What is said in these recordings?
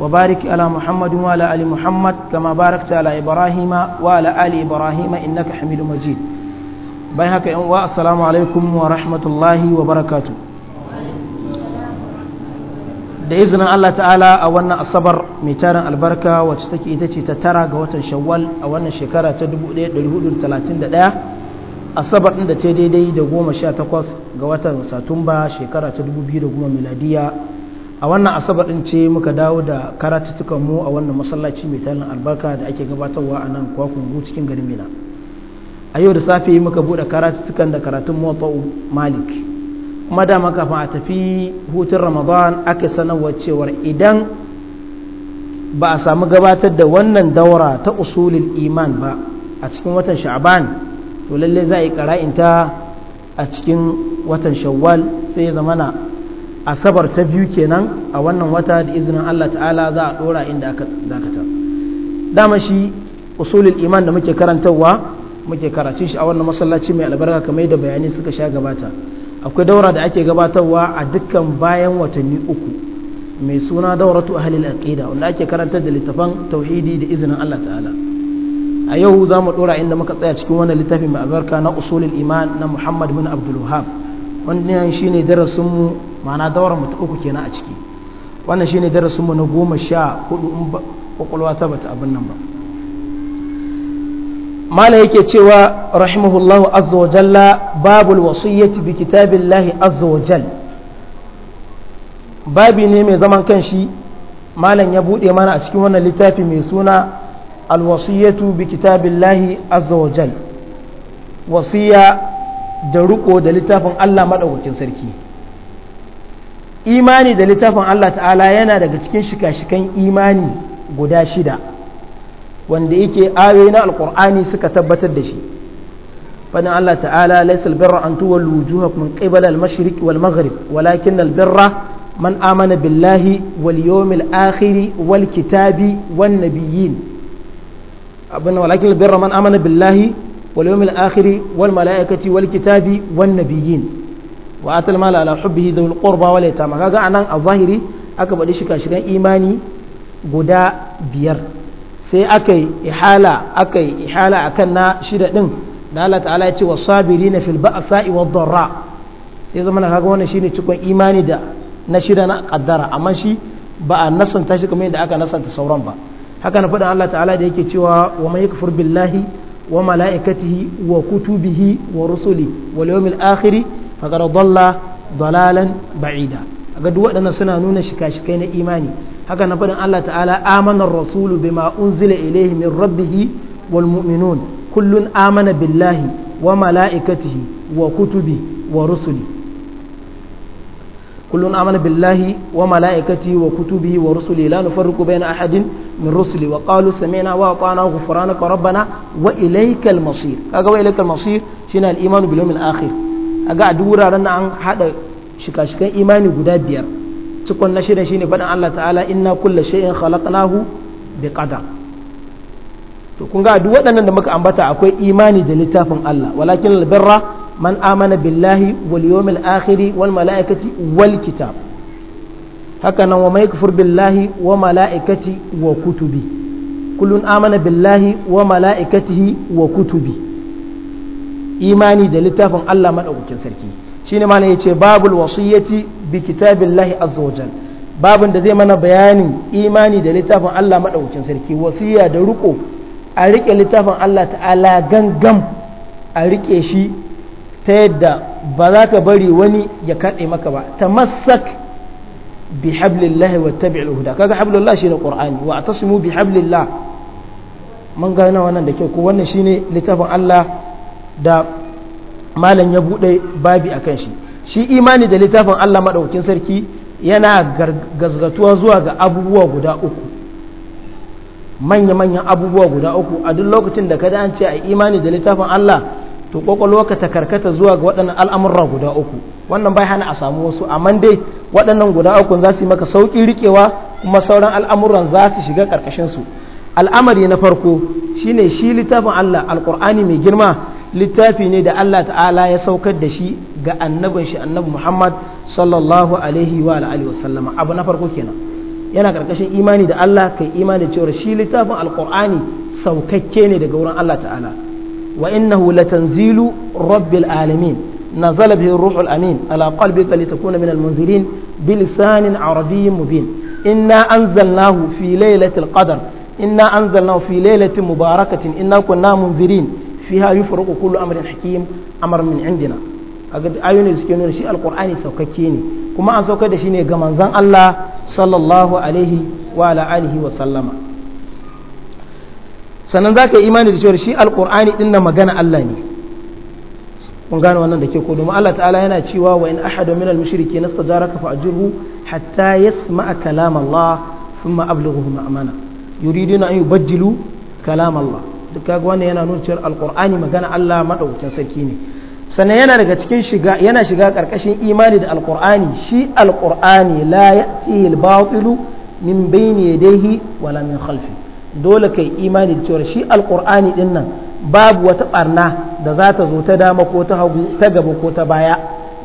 وبارك على محمد وعلى آل محمد كما باركت على إبراهيم وعلى آل إبراهيم إنك حميد مجيد بايهاك السلام عليكم ورحمة الله وبركاته da izinin Allah ta'ala a wannan asabar mai tarin albarka wacce take ita ce ta tara ga watan shawwal a wannan shekara ta 1431 asabar ɗin da ta daidai da goma sha takwas ga watan satumba shekara ta 2010 miladiya a wannan asabar din ce muka dawo da karatutukan mu a wannan masallaci mai talin albarka da ake gabatarwa a nan kwakungu cikin garin mina a yau da safe muka buɗe karatutukan da karatun muwaffa'u malik kuma dama kafin a tafi hutun ramadan aka sanarwa cewar idan ba a samu gabatar da wannan daura ta usulin iman ba a cikin watan sha'aban to lalle za a yi kara'inta a cikin watan shawwal sai ya zamana asabar ta biyu kenan a wannan wata da izinin Allah ta'ala za a dora inda aka dakata dama shi usulul iman da muke karantawa muke karatun shi a wannan masallaci mai albarka kamar da bayanai suka sha gabata akwai daura da ake gabatarwa a dukkan bayan watanni uku mai suna dauratu ahlil aqida wanda ake karantar da littafan tauhidi da izinin Allah ta'ala a yau za mu dora inda muka tsaya cikin wannan littafin mai albarka na usulul iman na Muhammad bin Abdul Wahhab wannan shine darasin mu ma'ana daura mutu uku kenan a ciki wannan shine darasin mu na goma sha hudu in kwakwalwa ta bata abin nan ba mala yake cewa rahimahullahu azza wa jalla babul wasiyyati bi kitabillahi azza wa jall babi ne mai zaman kanshi malam ya bude mana a cikin wannan littafi mai suna alwasiyyatu bi kitabillahi azza wa jall wasiya da riko da littafin Allah madaukakin sarki imani da littafin Allah ta'ala yana daga cikin shika-shikan imani guda shida wanda yake ayoyi na alkur'ani suka tabbatar da shi fadin Allah ta'ala laisal birra an tuwallu wujuhakum qibala al-mashriq wal maghrib walakin al-birra man amana billahi wal yawmil akhir wal kitabi wan nabiyyin walakin al-birra man amana billahi wal yawmil akhir wal malaikati wal kitabi wan nabiyyin wa atal mala ala hubbihi dhul qurba wal yatama kaga anan a zahiri aka bade shi kashigan imani guda biyar sai aka yi ihala aka yi ihala akan na shida din da Allah ta'ala ya ce wa sabirina fil ba'sa'i wad darra sai zama kaga wannan shine cikon imani da na shida na kaddara amma shi ba a nasanta shi kamar yadda aka nasanta sauran ba haka na faɗin Allah ta'ala da yake cewa wa man yakfur billahi wa mala'ikatihi wa kutubihi wa rusuli wal yawmil akhir faqad dalla dalalan ba'ida ga duk waɗannan suna nuna shika-shikai na imani haka na faɗin Allah ta'ala amana rasulu bima unzila ilaihi min rabbihi wal mu'minun kullun amana billahi wa mala'ikatihi wa kutubi wa rusuli kullun amana billahi wa mala'ikatihi wa kutubihi wa rusuli la nufarriqu bayna ahadin min rusuli wa qalu sami'na wa ata'na ghufranaka rabbana wa ilaykal masir kaga wa ilaykal masir shine al-iman bil yawmil akhir a ga a duk wuraren na an haɗa shika-shikan imani guda biyar cikon na shirin shine faɗin Allah ta'ala inna kulla shay'in khalaqnahu bi qadar to kun ga duk waɗannan da muka ambata akwai imani da littafin Allah walakin albirra man amana billahi wal yawmil akhir wal malaikati wal kitab haka nan wa mai kufur billahi wa malaikati wa kutubi kullun amana billahi wa malaikatihi wa kutubi imani da littafin Allah madaukakin sarki shine ya ce babul wasiyyati bi kitabillahi azza wajal babin da zai mana bayanin imani da littafin Allah madaukakin sarki wasiyya da riko a rike littafin Allah ta'ala gangam a rike shi ta yadda ba za ka bari wani ya kaɗe maka ba tamassak bi hablillahi wa huda kaga hablillah shine qur'ani wa atasimu bi hablillah mun gane wannan da kyau ko wannan shine littafin Allah da malam ya buɗe babi a kan shi shi imani da littafin Allah maɗaukin sarki yana gazgatuwa zuwa ga abubuwa guda uku manya-manyan abubuwa guda uku a duk lokacin da kada an ce a imani da littafin Allah to ka ta karkata zuwa ga waɗannan al'amurra guda uku wannan bai hana a samu wasu amma dai waɗannan guda uku za su yi maka sauƙi riƙewa kuma sauran al'amuran za su shiga su. al'amari na farko shine shi littafin Allah alkur'ani mai girma littafi ne da Allah ta'ala ya saukar da shi ga annabin shi annabi Muhammad sallallahu alaihi wa alihi wa sallama abu na farko kenan yana karkashin imani da Allah kai imani cewa shi littafin alkur'ani saukakke ne daga wurin Allah ta'ala wa innahu latanzilu rabbil alamin nazala bihi ruhul amin ala qalbika litakuna minal munzirin bilisanin arabiyyin mubin inna anzalnahu fi lailatul qadr inna anzalnahu fi lailatin mubarakatin inna kunna munzirin fiha yufraqu kullu amrin hakim amar min indina kaga ayoyin suke nuna shi alqur'ani saukakke ne kuma an saukar da shi ne ga manzon Allah sallallahu alaihi wa ala alihi wa sallama sannan za ka yi imani da cewa shi alqur'ani din na magana Allah ne kun gane wannan da ke ko domin Allah ta'ala yana cewa wa in ahadu min al-mushrikeena istajaraka fa ajirhu hatta yasma'a kalam Allah thumma ablighuhu ma'amana yuriduna an yubajjilu kalam Allah duk kaga wannan yana nuna cewa alqur'ani magana Allah madaukakin sarki ne sannan yana daga cikin shiga yana shiga karkashin imani da alƙur'ani shi alƙur'ani la ya'tihi al-batilu min bayni yadayhi wala min khalfi dole kai imani da cewa shi alƙur'ani din nan babu wata barna da za ta zo ta dama ko ta hagu ta gaba ko ta baya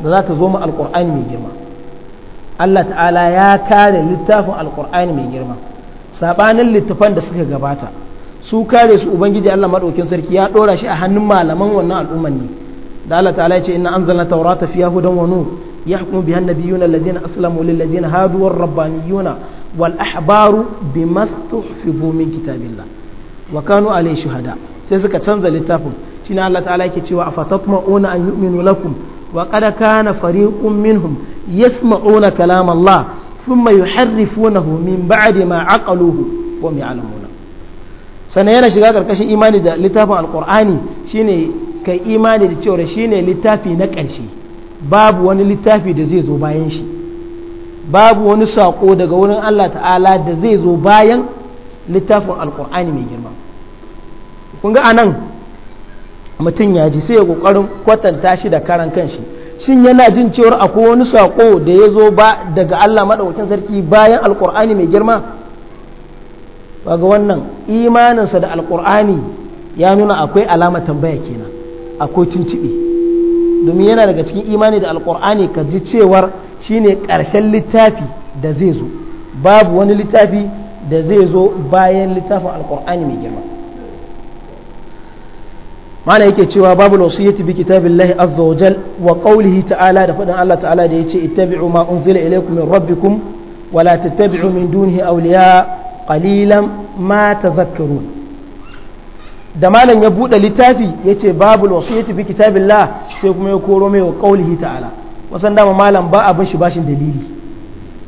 da za ta zo mu alƙur'ani mai girma Allah ta'ala ya kare littafin alƙur'ani mai girma sabanin littafan da suka gabata su kare su ubangiji Allah madaukin sarki ya dora shi a hannun malaman wannan al'umman ne da Allah ta'ala ya ce inna anzalna tawrata fiha hudan wa nur yahkumu biha an-nabiyyuna alladhina aslamu lil ladina hadu war rabbaniyuna wal ahbaru bima min kitabillah wa kanu alayhi shuhada sai suka canza littafin shine Allah ta'ala yake cewa afatatma'una an yu'minu lakum wa qad kana fariqun minhum yasma'una kalam ثم يحرفونه min بعد ma aqaluhu وهم ya'lamuna sannan yana shiga karkashin imani da littafin alqur'ani shine kai imani da cewa shine littafi na ƙarshe babu wani littafi da zai zo bayan shi babu wani sako daga wurin Allah ta'ala da zai zo bayan littafin alkur'ani mai girma kun ga anan mutum ya ji sai ya ƙoƙarin kwatanta shi da karan shi. shin yana jin cewar akwai wani sako da ya zo ba daga Allah maɗaukakin sarki bayan alƙur'ani mai girma ga wannan imaninsa da alƙur'ani ya nuna akwai alama tambaya kenan akwai tuntuɓe domin yana daga cikin imani da alƙur'ani ka ji cewar shine ƙarshen littafi da zai zo babu wani littafi da zai zo bayan littafin alƙur'ani mai girma mana yake cewa babu wasiyati bi kitabillahi azza wa jal wa qawlihi ta'ala da fadin Allah ta'ala da yace ittabi'u ma unzila ilaykum min rabbikum wa la tattabi'u min dunihi awliya qalilan ma tadhakkarun da malam ya bude littafi yace babu wasiyati bi kitabillah sai kuma ya koro mai wa qawlihi ta'ala wasan dama malam ba abin shi bashin dalili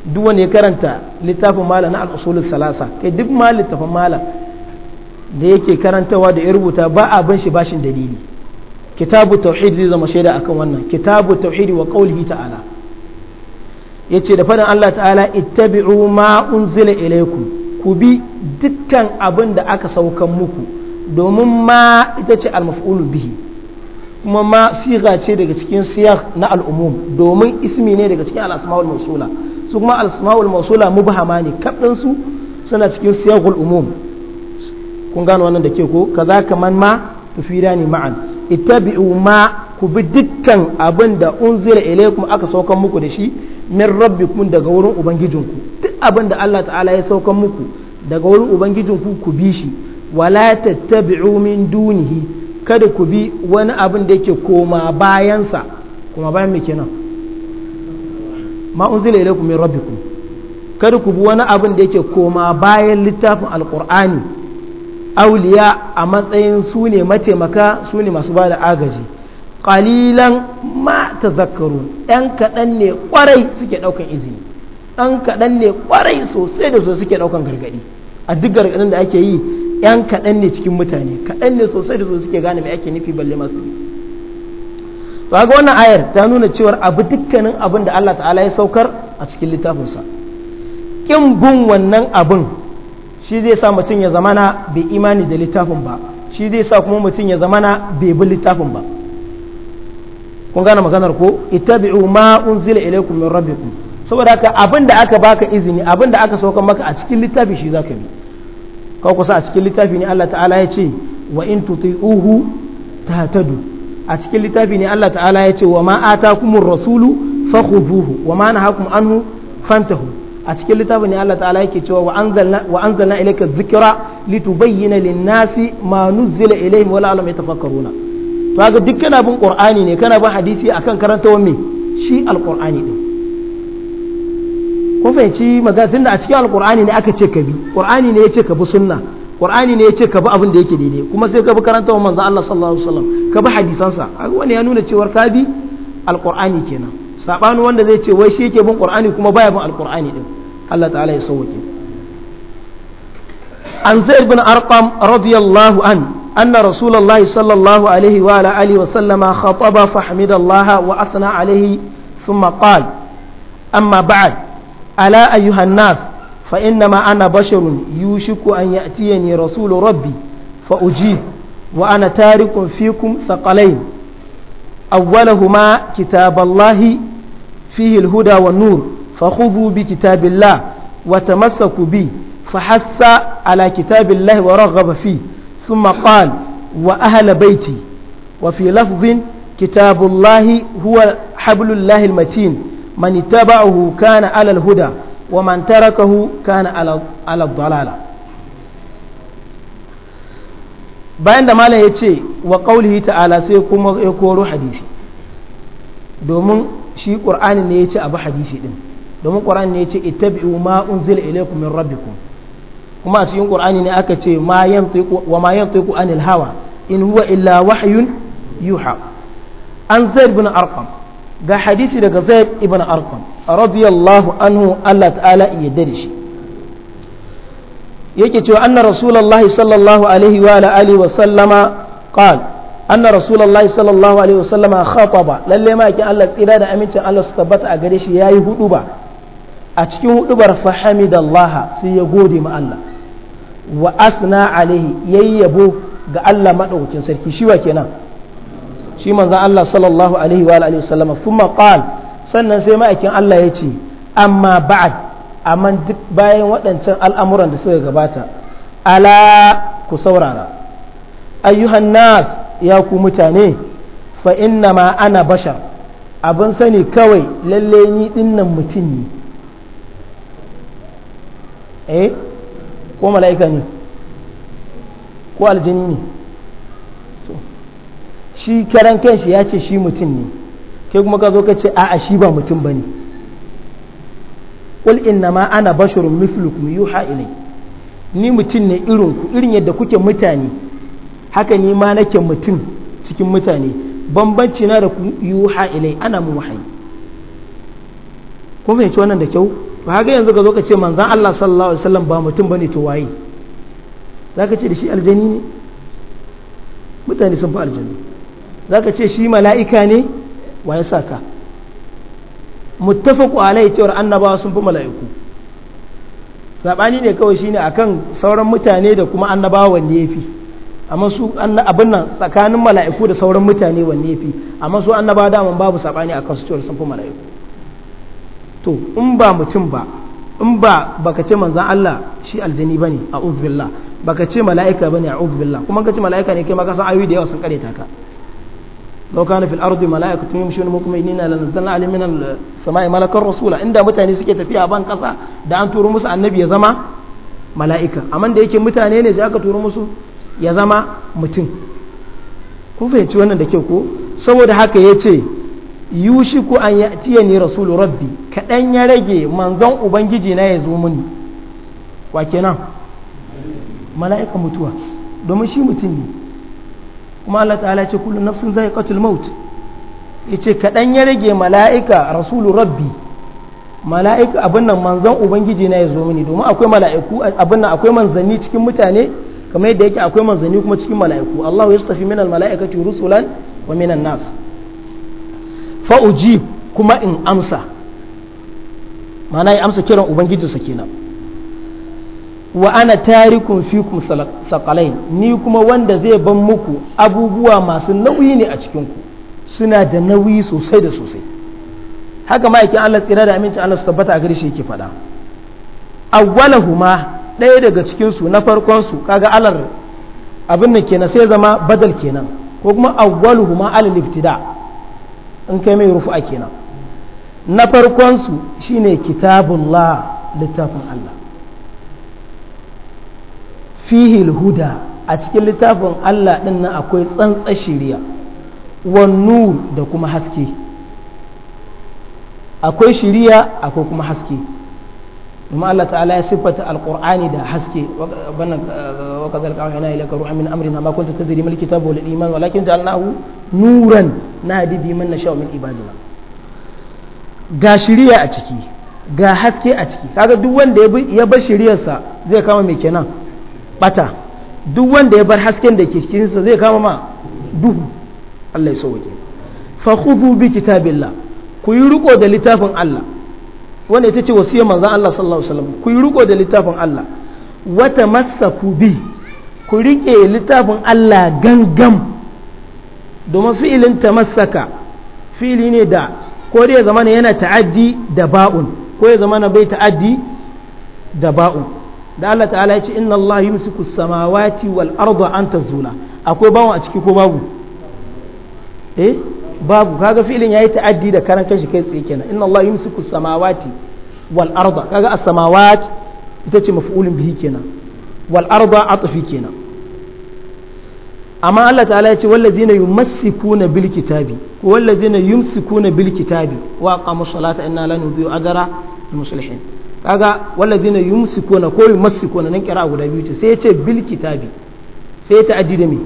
duk wanda ya karanta littafin malam na al-usul salasa kai duk ma littafin malam da yake karantawa da ya rubuta ba a ban shi bashin dalili kitabu tauhid zai zama shaida akan wannan kitabu tauhid wa qaulihi ta'ala yace da faɗin Allah ta'ala ittabi'u ma unzila ilaykum ku bi dukkan abin da aka saukan muku domin ma ita ce al-maf'ulu bihi kuma ma siga ce daga cikin siyar na al'umum domin ismi ne daga cikin al-asmaul mawsula su kuma al-asmaul mawsula mubhama ne kabdin suna cikin al umum kun gano wannan da ke ko kaza kaman ma tufidani ma'an ittabi'u ma ku bi dukkan abin da unzila ilaikum aka saukan muku da shi min rabbikum daga wurin ubangijinku duk abin da Allah ta'ala ya saukan muku daga wurin ubangijinku ku bi shi wala tattabi'u min dunihi kada ku bi wani abin da yake koma bayansa kuma bayan me kenan ma unzila ilaikum min rabbikum kada ku bi wani abin da yake koma bayan littafin alqur'ani auliya a matsayin su ne mataimaka su ne masu bada agaji ƙalilan ma ta zakaru ɗan kaɗan ne ƙwarai suke ɗaukan izini ɗan kaɗan ne ƙwarai sosai da sosai suke ɗaukan gargaɗi a duk gargaɗin da ake yi ɗan kaɗan ne cikin mutane kaɗan ne sosai da sosai suke gane mai ake nufi balle masu to ga wannan ayar ta nuna cewar abu dukkanin abin da Allah ta'ala ya saukar a cikin littafinsa kin bin wannan abin shi zai sa mutum ya zamana bai imani da littafin ba shi zai sa kuma mutum ya zamana bai bi littafin ba kun gane maganar ko ittabi'u ma unzila ilaykum min rabbikum saboda haka abinda da aka baka izini abin da aka sauka maka a cikin littafi shi zaka bi ka kusa a cikin littafi ne Allah ta'ala ya ce wa in tuti'uhu tahtadu a cikin littafi ne Allah ta'ala ya ce wa ma atakumur rasulu fakhudhuhu wa ma nahakum anhu fantahu a cikin littafin ne Allah ta'ala yake cewa wa anzalna ilayka dhikra litubayyana lin-nasi ma nuzila ilayhim wa la'allahum yatafakkaruna to ga duk kana bin qur'ani ne kana bin hadisi akan karantawa me shi alqur'ani din ko fahimci magana tunda a cikin alqur'ani ne aka ce ka bi qur'ani ne ya ce ka bi sunna qur'ani ne ya ce ka bi abin da yake daidai kuma sai ka bi karanta karantawa manzo Allah sallallahu alaihi wasallam ka bi hadisansa wani ya nuna cewa ka bi alqur'ani kenan sabanin wanda zai ce wai shi yake bin qur'ani kuma baya bin alkur'ani din Allah ta'ala ya sauke an zaid bin arqam radiyallahu an anna rasulullahi sallallahu alaihi wa ala alihi wa sallama khataba fa hamidallaha wa athna alaihi thumma qala amma ba'd ala ayyuha an-nas fa innama ana basharun yushiku an ya'tiyani rasul rabbi fa ujib wa ana tarikun fikum thaqalain awwalahuma kitaballahi فيه الهدى والنور فخذوا بكتاب الله وتمسكوا به فحث على كتاب الله ورغب فيه ثم قال وأهل بيتي وفي لفظ كتاب الله هو حبل الله المتين من اتبعه كان على الهدى ومن تركه كان على الضلالة bayan da malam ya ce wa ƙaulihi ta'ala sai kuma ya koro hadisi domin shi qur'ani ne yace abu hadisi din domin qur'ani ne yace ittabi'u ma unzila ilaykum min rabbikum kuma a cikin qur'ani ne aka ce ma yantiqu wa ma yantiqu anil hawa in huwa illa wahyun yuha an zaid ibn arqam ga hadisi daga zaid ibn arqam radiyallahu anhu Allah ta'ala ya dare shi yake cewa anna rasulullahi sallallahu alaihi wa alihi wa sallama qala Ana rasulullahi sallallahu alaihi wasallam khataba lalle ma yake Allah tsira da amincin Allah su tabbata a gare shi yayi huduba a cikin hudubar fa hamidallah sai ya gode ma Allah wa asna alaihi yayi yabo ga Allah madaukakin sarki shi wa kenan shi manzon Allah sallallahu alaihi wa alihi wasallam thumma qala sannan sai ma'aikin Allah ya ce amma ba'ad amma duk bayan waɗancan al'amuran da suka gabata ala ku saurara ayyuhan nas ya ku mutane fa inna ma ana bashar abin sani kawai lalle ni dinnan mutum ne eh ko mala'ika ne ko aljini ne shi karan kanshi ya ce shi mutum ne kai kuma ka zo ka ce a'a shi ba mutum ba ne ƙul inna ma ana basharun mithlukum yuha ilai ni mutum ne irinku irin yadda kuke mutane haka ni ma nake mutum cikin mutane bambanci na da yuha ilai ana mu wahayi kuma fahimci wannan da kyau to haka yanzu ka zo ka ce manzon Allah sallallahu alaihi wasallam ba mutum bane to waye zaka ce da shi aljani ne mutane sun fi aljani zaka ce shi mala'ika ne waye saka muttafaqu alai cewa annabawa sun fi mala'iku sabani ne kawai shine akan sauran mutane da kuma annabawa wanne yafi amma su abin nan tsakanin mala'iku da sauran mutane wanne fi amma su ba daman babu saɓani a su cewar sun mala'iku to in ba mutum ba in ba ba ka ce manzan Allah shi aljani ne a billah ka ce mala'ika ba ne a billah kuma ka ce mala'ika ne kai ma ka san ayoyi da yawa sun kare taka law kana fil ardi mala'ikatun yamshuna mutmainina lanazzalna alayhim min as-sama'i malakan rasula inda mutane suke tafiya ban kasa da an turo musu annabi ya zama mala'ika amma da yake mutane ne sai aka turo musu ya zama mutum kun fahimci wannan da ke ko saboda haka ya ce ku an ya ciye ni rasulu rabbi kaɗan ya rage manzon ubangiji na ya zo mini wa nan. mala'ika mutuwa domin shi mutum ne kuma Allah ta'ala ce kullum nafsin zai katul maut ce kaɗan ya rage mala'ika rasulu rabbi mala'ika abin nan manzon ubangiji na ya zo mini domin akwai mala'iku abin nan akwai manzanni cikin mutane kamar yadda yake akwai manzanni kuma cikin mala'iku Allahu tafi min mala'ika malaikati rusulan wa minan nas fa kuma in amsa ma'ana ya amsa kiran ubangijinsa kenan wa ana tarikun fikum saqalain ni kuma wanda zai ban muku abubuwa masu nauyi ne a cikin suna da nauyi sosai da sosai haka ma'aikin Allah tsira da amince Allah su tabbata a gare shi yake faɗa awwalahuma ɗaya daga cikinsu na farkonsu kaga alar abin da kenan sai zama badal kenan ko kuma awwalu ma alal ibtida in kai mai rufu'a kenan na farkonsu shine kitabullah littafin Allah fihi huda a cikin littafin Allah din nan akwai tsantsa shiriya wan nur da kuma haske akwai shiriya akwai kuma haske kuma Allah ta'ala ya siffata alqur'ani da haske wannan wa kadhal qawlana ilaka ru'an min amrina ma kunta tadri mal kitab wal iman walakin ja'alnahu nuran nahdi bi man nasha'u min ibadina ga shiriya a ciki ga haske a ciki kaga duk wanda ya bar shiriyarsa zai kama mai kenan bata duk wanda ya bar hasken da ke sa zai kama ma duhu Allah ya sauke fa khudhu bi kitabillah ku yi riko da littafin Allah wanda ita ce wasu manzon Allah sallallahu alaihi wasallam ku yi riko da littafin Allah wata masaku bi ku rike littafin Allah gangam domin fi'ilin masaka fi'ili ne da ko zama na yana ta'addi da ba'un ko ya na bai ta'addi da ba'un da Allah ta'ala ya ce inna Allah yumsiku samawati wal arda an tazula akwai bawon a ciki ko babu eh babu kaga filin yayi ta'addi da karan kashi kai tsaye kenan inna Allah yumsiku samawati wal arda kaga as-samawat ita ce maf'ulun bihi kenan wal arda atfi kenan amma Allah ta'ala ya ce wallazina yumassikuna bil kitabi ko wallazina yumsikuna bil kitabi wa aqamu salata inna la nudhi'u ajra al muslihin kaga wallazina yumsikuna ko yumassikuna nan kira guda biyu ce sai ya ce bil kitabi sai ta addi da me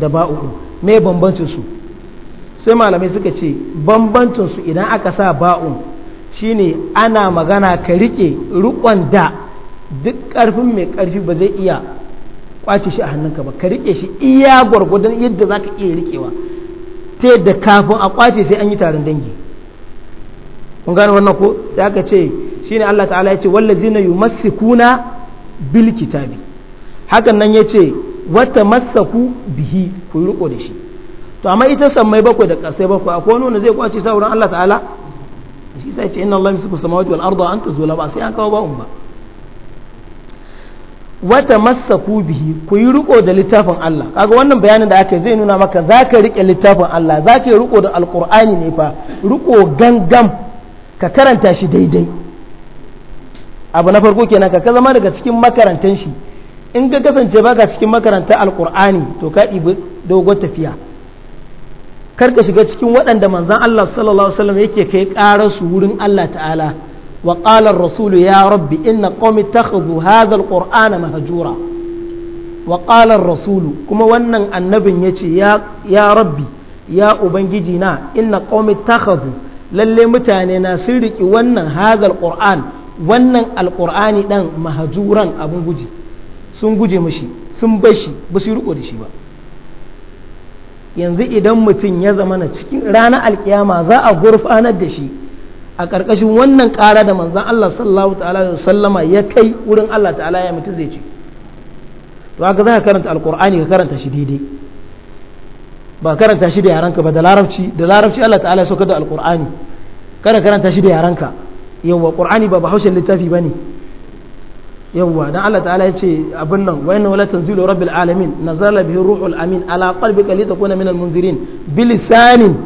da ba'u me bambancin su sai malamai suka ce bambancinsu idan aka sa ba'un shine ana magana ka rike rukon da duk ƙarfin mai ƙarfi ba zai iya kwace shi a hannunka ba ka rike shi iya gwargwadon yadda za ka iya rikewa ta yadda kafin a kwace sai an yi taron dangi kun gane wannan ko sai aka ce shine Allah ta'ala ya ce wallazina yumassikuna bil kitabi hakan nan ya ce wata masaku bihi ku riko da shi to amma ita mai bakwai da kasai bakwai akwai wani wanda zai kwace sa wurin Allah ta'ala shi sai ce inna Allah yamsiku samawati wal arda an tazula ba sai an kawo ba umma wata ku bihi ku yi riko da littafin Allah kaga wannan bayanin da aka zai nuna maka zaka rike littafin Allah zaka yi riko da alqur'ani ne fa riko gangam ka karanta shi daidai abu na farko kenan ka zama daga cikin makarantan shi in ka kasance baka cikin makarantar alqur'ani to ka ɗibi dogon tafiya kar ka shiga cikin waɗanda manzan Allah sallallahu alaihi wasallam yake kai ƙarar su wurin Allah ta'ala wa rasulu ar ya rabbi inna qaumi takhadhu hadha al-qur'ana mahajura. wa qala kuma wannan annabin yace ya ya rabbi ya ubangiji na inna qaumi takhadhu lalle mutane na sun riki wannan hadha al-qur'an wannan al-qur'ani dan mahjuran abun guji sun guje mashi sun bashi ba su riko da shi ba yanzu idan mutum ya zama na cikin ranar alkiyama za a gurfanar da shi a ƙarƙashin wannan ƙara da manzan Allah sallallahu ta'ala sallama ya kai wurin Allah ta'ala ya mutum zai ci to haka za ka karanta Alƙur'ani ka karanta shi daidai ba karanta shi da yaranka ba da larabci da larabci Allah ta'ala ya sauka da Alƙur'ani kada karanta shi da yaranka yawwa qur'ani ba ba haushin littafi ba ne. yawwa dan Allah ta'ala ya ce abin nan wa inna la tanzilu rabbil alamin nazala bihi ruhul amin ala qalbika litakuna minal munzirin bilisanin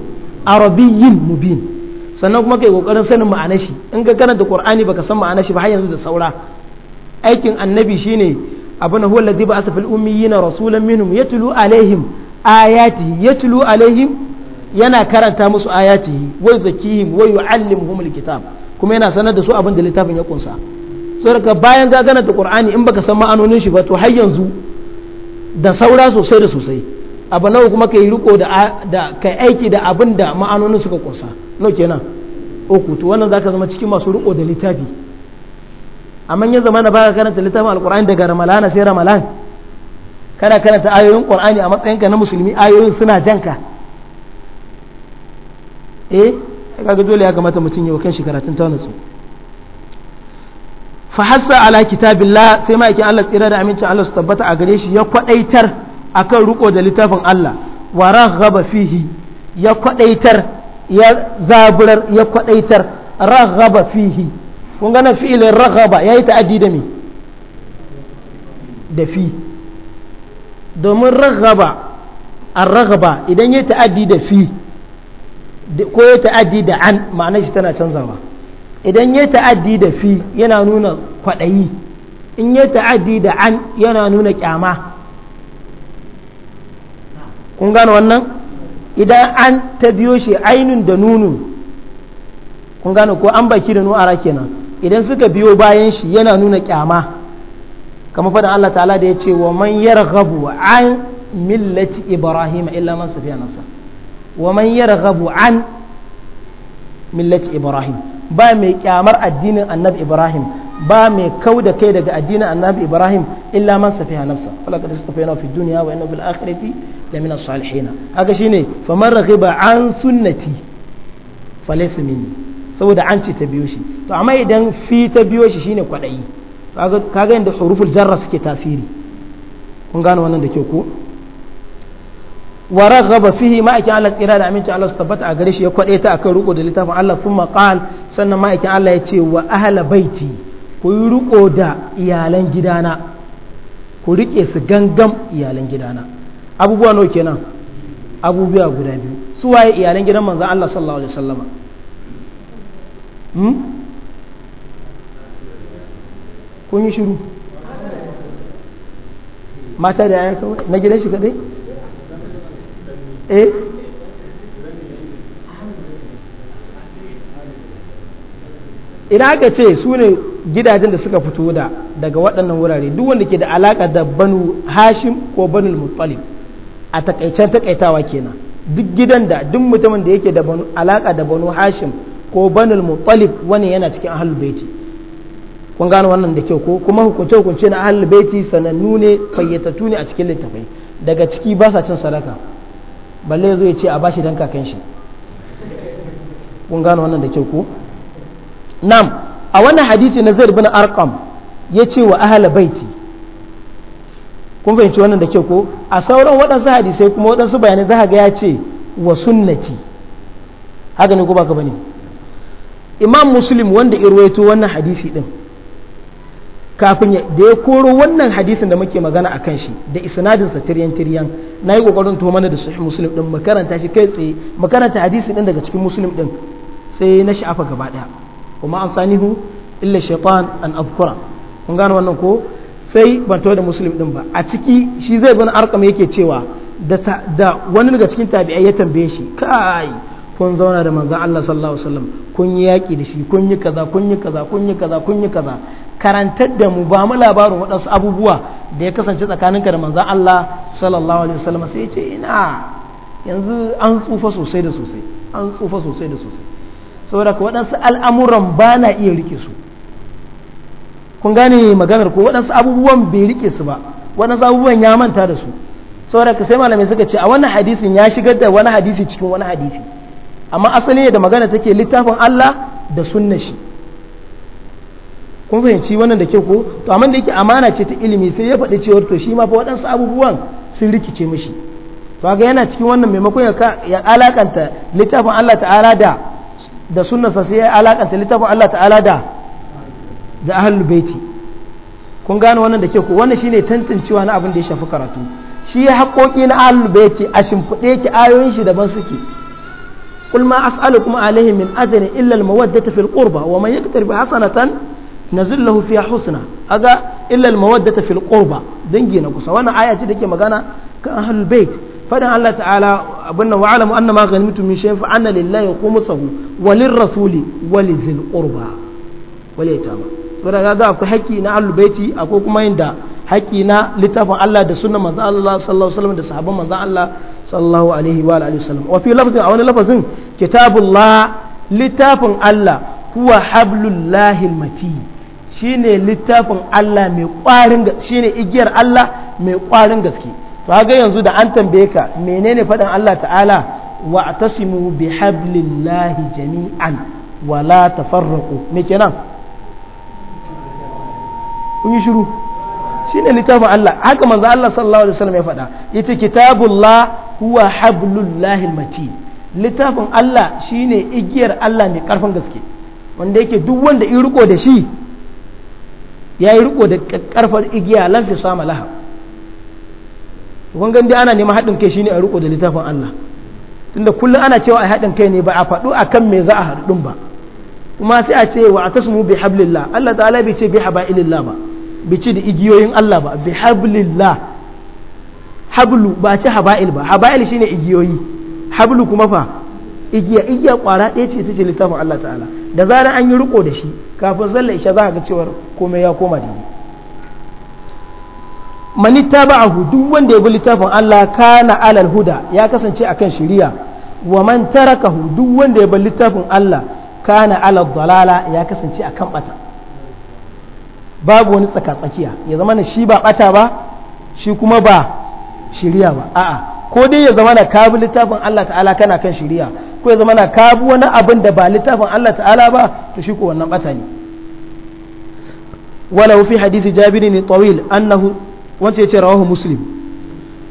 arabiyyin mubin sannan kuma kai kokarin sanin ma'anar shi in ka karanta qur'ani baka san ma'anar shi ba har yanzu da saura aikin annabi shine abin huwa alladhi ba'atha fil ummiyina rasulan minhum yatlu alaihim ayatihi yatlu alaihim yana karanta musu ayatihi wa zakihim wa yu'allimuhum alkitab kuma yana sanar da su abin da littafin ya kunsa saboda bayan ka gana ta qur'ani in baka san ma'anonin shi ba to har yanzu da saura sosai da sosai abu nawa kuma kai riko da da aiki da abin da ma'anonin suka kunsa no kenan oku to wannan zaka zama cikin masu riko da littafi amma ya zama na baka karanta littafin alqur'ani daga ramalana sai ramalan kana karanta ayoyin qur'ani a matsayinka na musulmi ayoyin suna janka eh kaga dole ya kamata mutum ya kan shi karatun ta fa hassa ala kitabillah sai ma'aikin Allah tsira da amincin Allah su tabbata a gare shi ya kwadaitar akan riko da littafin Allah wa raghaba fihi ya kwadaitar ya zaburar ya kwadaitar raghaba fihi kun ga nan fi'ilin raghaba yayi ta'addi da me da fi domin raghaba ar-raghaba idan yayi ta'addi da fi ko ya ta'addi da an ma'anar shi tana canzawa idan ya ta'addi da fi yana nuna kwaɗayi in ya ta'addi da an yana nuna kyama kun gano wannan idan an ta biyo shi ainun da nunu kun gano ko an baki da nu'ara kenan idan suka biyo bayan shi yana nuna kyama kama faɗin Allah ta'ala da ya ce wa man gabu an millaci ibrahim illa man safiya nasa wa man gabu an millaci ibrahim ba mai kyamar addinin annabi ibrahim ba mai kau da kai daga addinin annabi ibrahim illa man safiha nafsa wala kad istafayna fi duniya wa inna fil akhirati lamina salihin haka shine faman raghiba an sunnati falaysa minni saboda an ci ta biyo shi to amma idan fi ta biyo shi shine kwadayi kaga kaga inda huruful jarra suke tasiri kun gane wannan da ke ko wa raghaba fihi ma'aikin Allah tsira da aminci Allah su tabbata a gare shi ya kwade ta akan ruko da littafin Allah sun maqal sannan ma'aikin Allah ya ce wa ahla baiti ku yi ruko da iyalan gidana ku rike su gangam iyalan gidana abubuwa nawa kenan abubuwa guda biyu su waye iyalan gidan manzon Allah sallallahu alaihi wasallama hmm? kun yi shiru mata da yaya kawai na gidan shi kadai eh idan aka ce su ne gidajen da suka fito da daga waɗannan wurare duk wanda ke da alaka da banu hashim ko banu mutalib a takaicen takaitawa kenan duk gidan da duk mutumin da yake da alaka da banu hashim ko banu mutalib wani yana cikin ahalul baiti kun gano wannan da kyau ko kuma hukunce hukunce na ahalul baiti sanannu ne fayyatattu ne a cikin littafai daga ciki ba sa cin sadaka balle zo ya ce a bashi dan kakan shi kun gano wannan da kyau ko nam a wannan hadisi na zaid bin arqam ya ce wa ahla baiti kun fahimci wannan da kyau ko a sauran waɗansu hadisai kuma waɗansu bayanai za ga ya ce wa sunnati haka ne ko baka bane imam muslim wanda irwaito wannan hadisi din kafin da ya koro wannan hadisin da muke magana a kan shi da isnadin sa tiryan tiryan na yi kokarin to mana da sahih muslim din makaranta shi kai tsaye makaranta hadisin din daga cikin muslim din sai na sha'afa gaba daya kuma an sanihu illa shaytan an afkura kun gano wannan ko sai ban to da muslim din ba a ciki shi zai bin arqam yake cewa da wani daga cikin tabi'ai ya tambaye shi kai kun zauna da manzan Allah sallallahu alaihi wasallam kun yi yaƙi da shi kun yi kaza kun yi kaza kun yi kaza kun yi kaza karantar da mu ba mu labarin waɗansu abubuwa da ya kasance tsakaninka da manzan Allah sallallahu alaihi wasallam sai ya ce ina yanzu an tsufa sosai da sosai an tsufa sosai da sosai saboda ka waɗansu al'amuran ba na iya rike su kun gane maganar ko waɗansu abubuwan bai rike su ba waɗansu abubuwan ya manta da su saboda ka sai malamai suka ce a wannan hadisin ya shigar da wani hadisi cikin wani hadisi amma asali da magana take littafin Allah da sunna shi kun fahimci wannan da ke ko to amma da yake amana ce ta ilimi sai ya faɗi cewar to shi ma fa waɗansu abubuwan sun rikice mishi to ga yana cikin wannan maimakon ya alakanta littafin Allah ta'ala da da sunnarsa sai ya alakanta littafin Allah ta'ala da da ahlul baiti kun gane wannan da ke ko wannan shine tantancewa na abin da ya shafi karatu shi haƙoƙi na ahlul baiti a shimfiɗe ki ayoyin shi daban suke قل ما أسألكم عليه من أجر إلا المودة في القربة ومن يكتر بحسنة نزل له فيها حسنة أجا إلا المودة في القربة دنجي نقص وأنا آية تلك مجانا كأهل البيت فدعا الله تعالى أبنا وعلم أن ما غنمت من شيء فأنا لله خمسه وللرسول ولذي القربى وليتامى فدعا أجا أكو حكي نعل البيت أكو كما يندى haƙƙi na littafin Allah da sunnan manzon Allah sallallahu alaihi wasallam da sahabban manzon Allah sallallahu alaihi wa alihi wasallam wa fi lafzin a wani lafazin kitabullah littafin Allah huwa hablullahi mati shine littafin Allah mai ƙwarin shine igiyar Allah mai ƙwarin gaske to haka yanzu da an tambaye ka menene faɗin Allah ta'ala wa atasimu bi hablillahi jami'an wala tafarraqu me kenan kun yi shiru shine littafin Allah haka manzo Allah sallallahu alaihi wasallam ya faɗa yace kitabullah huwa hablullahi almatin littafin Allah shine igiyar Allah mai karfin gaske wanda yake duk wanda in riko da shi ya yi riko da karfar igiya lan fi sama laha kun dai ana neman haɗin kai shine a riko da littafin Allah tunda kullum ana cewa a haɗin kai ne ba a faɗo akan me za a haɗu ba kuma sai a ce wa atasmu bi hablillah Allah ta'ala bai ce bi habailillah ba bici da igiyoyin Allah ba bi hablillah hablu ba ci haba'il ba haba'il shine igiyoyi hablu kuma fa igiya igiya kwara ɗaya ce ta ce littafin Allah ta'ala da zarar an yi riko da shi kafin sallar isha za ka ga cewar komai ya koma da ni man taba'ahu duk wanda ya bi littafin Allah kana alal huda ya kasance akan shari'a wa man tarakahu duk wanda ya bi littafin Allah kana alal dalala ya kasance akan bata babu wani tsakatsakiya ya zama na shi ba bata ba shi kuma ba shirya ba a'a ko dai ya zama na kabu littafin Allah ta'ala kana kan shirya ko ya zama na kabu wani abin da ba littafin Allah ta'ala ba to shi ko wannan bata ne walau fi hadisi jabiri ne tawil annahu wance yace rawahu muslim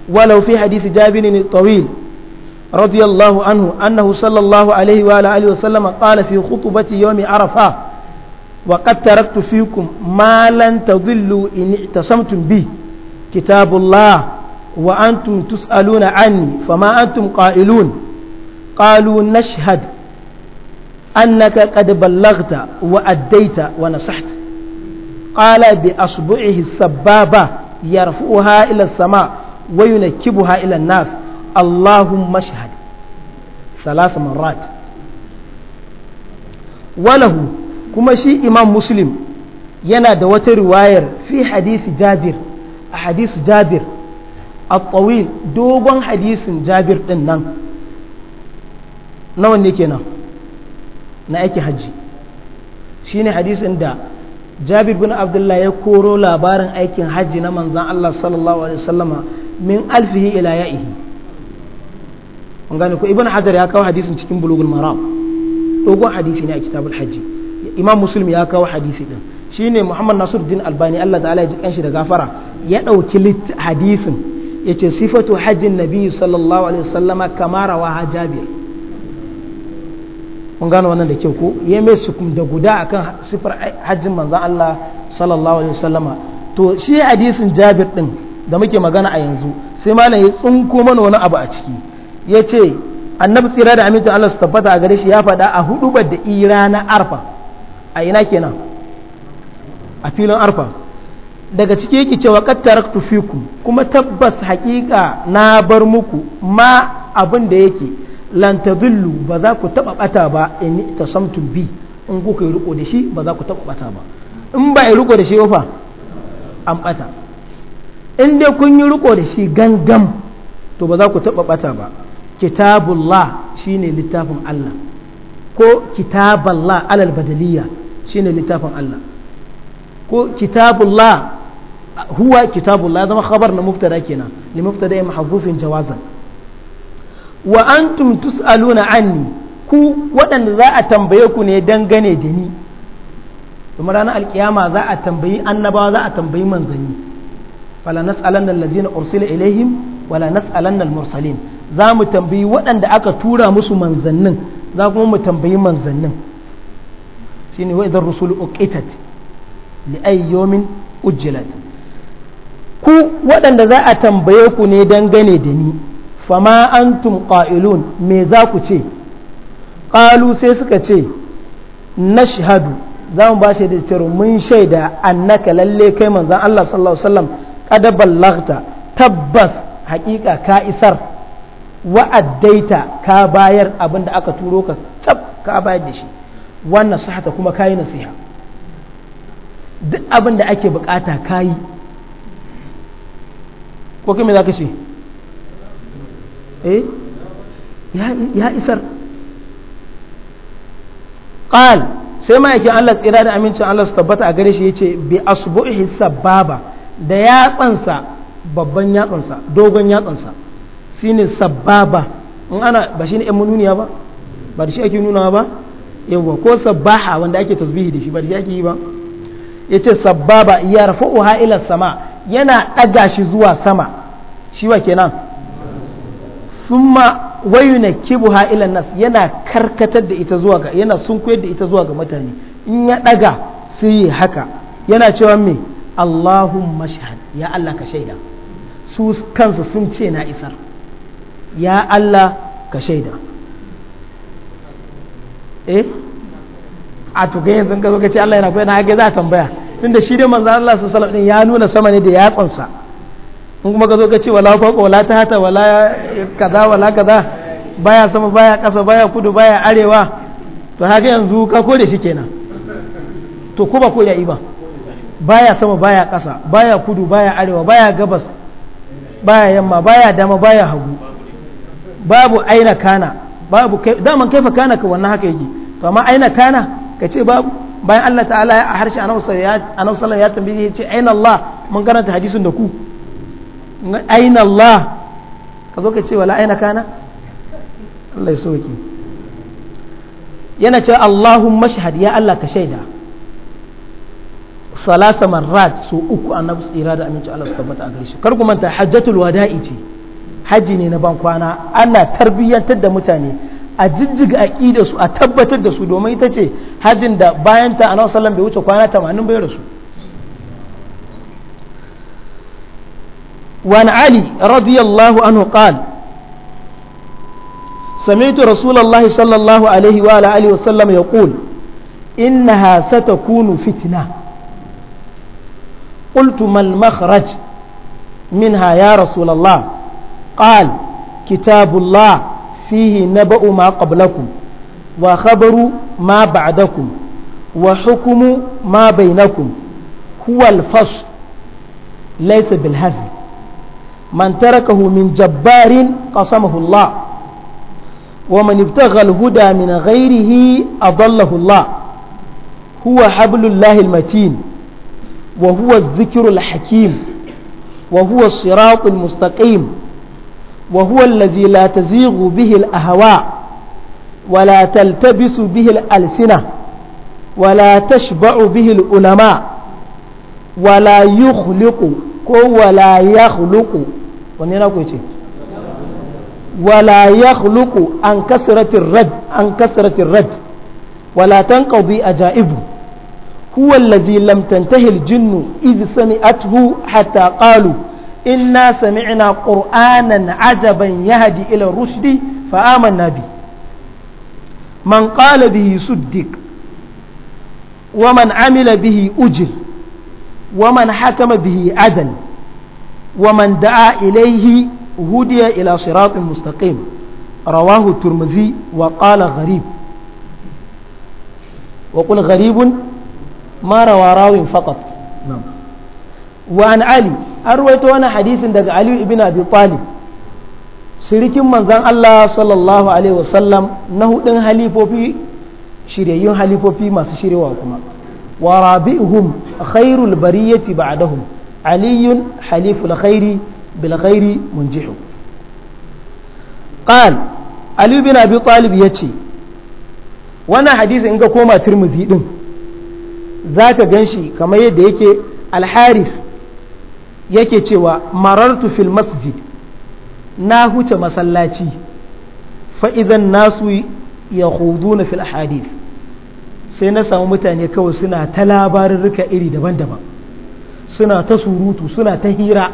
walau fi hadisi jabiri ne tawil radiyallahu anhu annahu sallallahu alaihi wa alihi wa sallama qala fi khutbati yawmi arafah وقد تركت فيكم ما لن تضلوا إن اعتصمتم به كتاب الله وأنتم تسألون عني فما أنتم قائلون قالوا نشهد أنك قد بلغت وأديت ونصحت قال بأصبعه السبابة يرفعها إلى السماء وينكبها إلى الناس اللهم اشهد ثلاث مرات وله kuma shi imam muslim yana da wata riwayar fi hadisi jabir a hadisi jabir a tawil dogon hadisin jabir din nan nawa ne nan na aiki hajji shine hadisin da jabir bin abdullah ya koro labarin aikin hajji na manzan allah sallallahu alaihi wasallama min alfihi ila ya'ihi an gane ko ibn hajar ya kawo hadisin cikin bulugul maram dogon hadisi ne a kitabul hajji imam muslim ya kawo hadisi din shine muhammad nasiruddin albani allah ta'ala ya ji kanshi da gafara ya ɗauki hadisin yace sifatu hajjin nabi sallallahu alaihi wasallama kamara rawa jabir kun gano wannan da kyau ko ya mai sukum da guda akan sifar hajjin manzan allah sallallahu alaihi wasallama to shi hadisin jabir din da muke magana a yanzu sai malam ya tsinko mana wani abu a ciki yace ce annabi tsira da amincin allah su tabbata a gare shi ya faɗa a hudubar da ira na arfa a ina kenan a filin arfa daga ciki yake cewa kattarak fiku kuma tabbas hakika na bar muku ma abin da yake lantadullu ba za ku taba bata ba in ta bi in kuka yi riko da shi ba za ku taba bata ba in ba yi riko da shi fa an bata in dai kun yi riko da shi gangam to ba za ku taba bata ba kitabullah shine littafin Allah ko kitaballah alal badaliya shine littafin Allah ko kitabullah huwa kitabullah zama khabar na mubtada kenan li mubtada mahdhufin jawazan wa antum tus'aluna anni ku waɗanda za a tambaye ku ne dangane da ni kuma ranar alkiyama za a tambayi annabawa za a tambayi manzanni fala nas'alanna alladhina ursila ilaihim wala nas'alanna al-mursalin za mu tambayi waɗanda aka tura musu manzannin za kuma mu tambayi manzannin shine wa idan rusul uqitat li ayyomin ujjilat ku waɗanda za a tambaye ku ne dangane da ni fama antum qa'ilun me za ku ce ƙalu sai suka ce nashhadu za mu ba shi da cewa mun shaida annaka lalle kai manzan Allah sallallahu alaihi wasallam qad ballaghta tabbas haƙiƙa ka isar wa'addaita ka bayar abin da aka turo ka tsab ka bayar da shi wannan sahata kuma kayi nasiha duk abin da ake bukata kayi ko kuma za ka ce eh ya isar qal sai ma'aikin Allah tsira da amincin Allah su tabbata a gare shi ce bi asbuhi sababa da yatsansa babban yatsansa dogon yatsansa shine sababa in ana ba shine yan manuniya ba ba da shi ake nunawa ba yawwa ko sabaha wanda ake tasbihi da shi ba da shi ake yi ba yace sababa ya rafa'uha ila sama yana daga shi zuwa sama shi wa kenan thumma wayunkibuha ila nas yana karkatar da ita zuwa ga yana sunkuyar da ita zuwa ga mutane in ya daga sai haka yana cewa me Allahumma shahad ya Allah ka shaida su kansu sun ce na isar ya Allah ka shaida eh a tuka yanzu ka zo ka ce Allah yana kwaya na haka za a tambaya tunda shi dai manzan Allah su salam din ya nuna sama ne da yatsansa in kuma ka zo ka ce wala kwakwa wala ta hata wala kaza wala kaza baya sama baya kasa baya kudu baya arewa to haka yanzu ka kore shi kenan to ko ba ya iba baya sama baya kasa baya kudu baya arewa baya gabas baya yamma baya dama baya hagu babu aina kana babu daman kaifa kana ka wannan haka yake to amma aina kana ka ce babu bayan Allah ta'ala ya harshe annabi sallallahu ya tambaye ya ce aina Allah mun karanta hadisin da ku aina Allah ka zo ka ce wala aina kana Allah ya soki yana cewa Allahumma shahad ya Allah ka shaida salasa marrat su uku annabi tsira da aminci Allah su tabbata a gare shi kar ku manta hajjatul wada'i ce haji ne na bankwana ana tarbiyyantar da mutane a jijjiga aƙida su a tabbatar da su domin ita ce hajin da bayan ta anawar sallan bai wuce kwana tamanin bai rasu وعن علي رضي الله عنه قال سمعت رسول الله صلى الله عليه وعلى آله وسلم يقول إنها ستكون فتنة قلت ما المخرج منها يا رسول الله قال كتاب الله فيه نبأ ما قبلكم وخبر ما بعدكم وحكم ما بينكم هو الفصل ليس بالهزل من تركه من جبار قسمه الله ومن ابتغى الهدى من غيره أضله الله هو حبل الله المتين وهو الذكر الحكيم وهو الصراط المستقيم وهو الذي لا تزيغ به الأهواء ولا تلتبس به الألسنة ولا تشبع به الألماء ولا يخلق ولا يخلق ونينا كويتي ولا يخلق عن كثرة الرد عن كثرة الرد ولا تنقضي أجائبه هو الذي لم تنتهي الجن إذ سمعته حتى قالوا إنا سمعنا قرآنا عجبا يهدي إلى الرشد فآمنا به من قال به صدق ومن عمل به أجر ومن حكم به عدل ومن دعا إليه هدي إلى صراط مستقيم رواه الترمذي وقال غريب وقل غريب ما روى راو فقط نعم wa an ali an ruwaito wani hadisin daga ali ibn abi talib sirikin manzan Allah sallallahu na hudun halifofi shiryayyun halifofi masu shiryawa kuma wa rabi'uhum khairul bariyati ba'dahum aliyun haliful khairi bil khairi munjihu qal ali bin abi talib yace wannan hadisin in ka koma tirmidhi din zaka ganshi kamar yadda yake al yake cewa marartu fil masjid na huce masallaci fa'izan nasu ya na fil hadith sai na samu mutane kawai suna ta labarurruka iri daban-daban suna ta surutu suna ta hira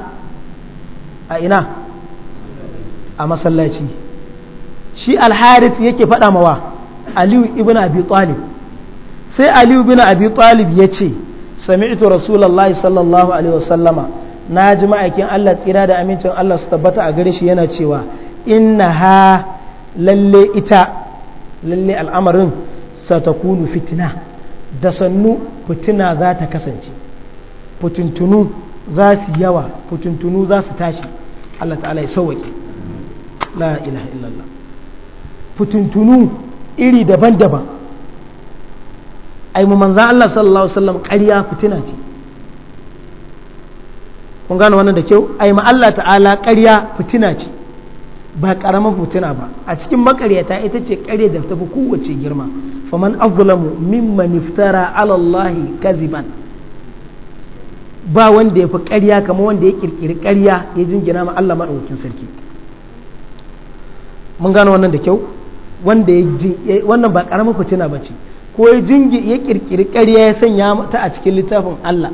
a ina a masallaci shi alharith yake faɗa mawa aliyu ibn abi talib sai aliyu ibn abi talib ya ce sami'tu rasulallah sallallahu alaihi wasallama na ji ma'aikin Allah tsira da amincin Allah su tabbata a gare shi yana cewa inna ha lalle ita lalle al'amarin satakunu fitina da sannu fitina za ta kasance fitintunu za su yawa fitintunu za su tashi Allah ta'ala ya sauwaki la ilaha illallah fitintunu iri daban-daban ai mu manzan Allah sallallahu alaihi wasallam ƙarya fitina ce kun gane wannan da kyau ai ma Allah ta'ala ƙarya fitina ce ba ƙaramin fitina ba a cikin makaryata ita ce ƙarya da tafi kowace girma faman azlamu mimman iftara ala Allah kaziban ba wanda ya fi ƙarya kamar wanda ya kirkiri ƙarya ya jingina ma Allah madaukakin sarki mun gane wannan da kyau wanda ya wannan ba ƙaramin fitina ba ce ko ya jingi ya kirkiri ƙarya ya sanya ta a cikin littafin Allah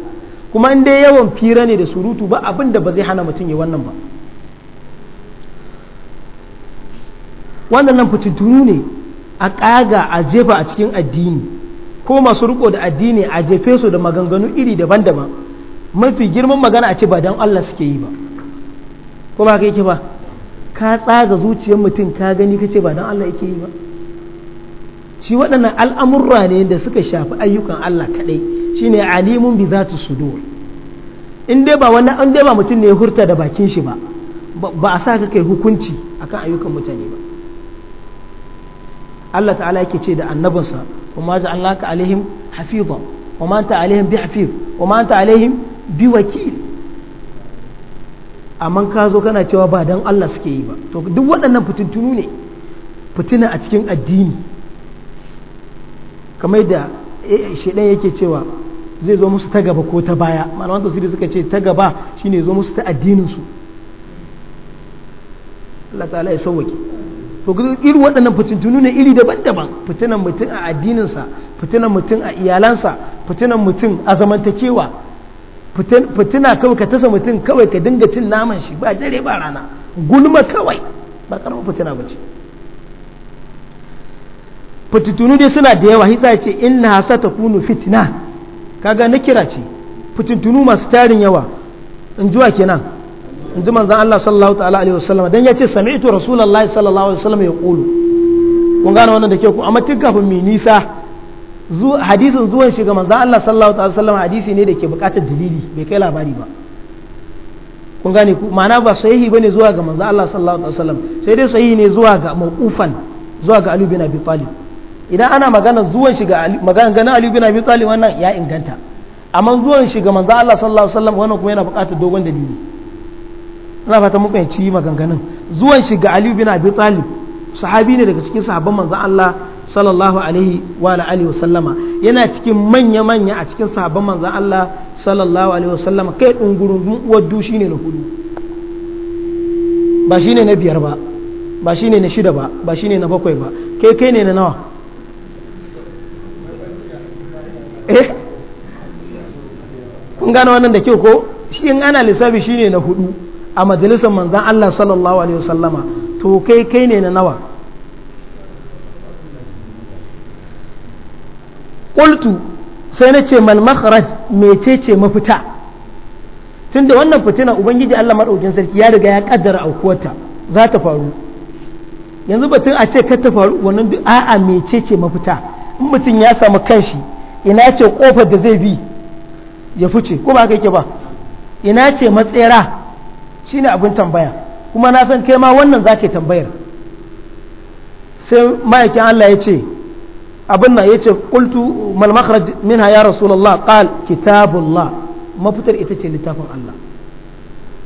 kuma in dai yawan fira ne da surutu ba abin da ba zai hana mutum ya wannan ba wannan nan ne a ƙaga a jefa a cikin addini ko masu riko da addini a jefe su da maganganu iri daban-daban mafi girman magana a ce ba don Allah suke yi ba ko ba ka yake ba ka tsaga zuciyar mutum ka gani ka ce ba don Allah yake yi ba shi waɗannan al'amurra ne da suka shafi ayyukan Allah kaɗai ne alimun bi zati sudur in inda ba wannan an dai ba mutum ne ya hurta da bakin shi ba ba a sa ka kai hukunci akan ayyukan mutane ba Allah ta'ala yake ce da annabinsa kuma ja'alnaka alaihim hafiza wa ma anta alihim bi hafiz wa ma anta alaihim bi wakil amma ka zo kana cewa ba dan Allah suke yi ba to duk waɗannan fitintunu ne fitina a cikin addini kamar da Eh, shaidan yake cewa zai zo musu ta gaba ko ta baya malaman tafsiri suka ce ta gaba shine zo musu ta addinin su Allah ta'ala ya sauke to irin waɗannan fitintunu ne iri daban-daban fitinan mutum a sa fitinan mutum a iyalansa fitinan mutum a zamantakewa fitina kawai ka tasa mutum kawai ka dinga cin naman shi ba dare ba rana gulma kawai ba karamin fitina ba ce fitintunu dai suna da yawa hitsa ce inna hasa ta kunu fitina kaga na kira ce fitintunu masu tarin yawa in zuwa kenan in ji manzan Allah sallallahu ta'ala alaihi wasallam dan ya ce sami'tu rasulullahi sallallahu alaihi wasallam ya kulu kun gane wannan da ke ku amma tun kafin mi nisa hadisin zuwan shi ga manzan Allah sallallahu ta'ala wasallam hadisi ne da ke bukatar dalili bai kai labari ba kun gane ku ma'ana ba sahihi bane zuwa ga manzan Allah sallallahu ta'ala wasallam sai dai sahihi ne zuwa ga mauqufan zuwa ga Ali bin Abi Talib idan ana magana zuwan shiga magana ganin Ali bin Abi Talib wannan ya inganta amma zuwan shiga manzo Allah sallallahu alaihi wasallam wannan kuma yana buƙatar dogon dalili ina fata mun fahimci maganganun zuwan shiga Ali bin Abi Talib sahabi ne daga cikin sahabban manzo Allah sallallahu alaihi wa alihi wasallama yana cikin manya manya a cikin sahabban manzo Allah sallallahu alaihi wasallama kai dungurun uwar du shine na hudu ba shine na biyar ba ba shine na shida ba ba shine na bakwai ba kai kai ne na nawa eh kun gano wannan da kyau ko shi in ana lissafi shi ne na hudu a majalisar manzan Allah sallallahu alaihi wasallama to kai kai ne na nawa ƙultu sai na ce mal makhraj ce mafita tun da wannan fitina ubangiji Allah maɗaukin sarki ya riga ya kaddara aukuwarta za ta faru yanzu batun a ce ka ta faru wannan a'a ce mafita in mutum ya samu kanshi ina ce kofar da zai bi ya fice ko ba kake ba ina ce matsera shine abin tambaya kuma na san kai ma wannan zake tambayar sai ma'aikin Allah ya ce abin nan ya ce kultu mal makhraj minha ya rasulullah qal kitabullah mafitar ita ce littafin Allah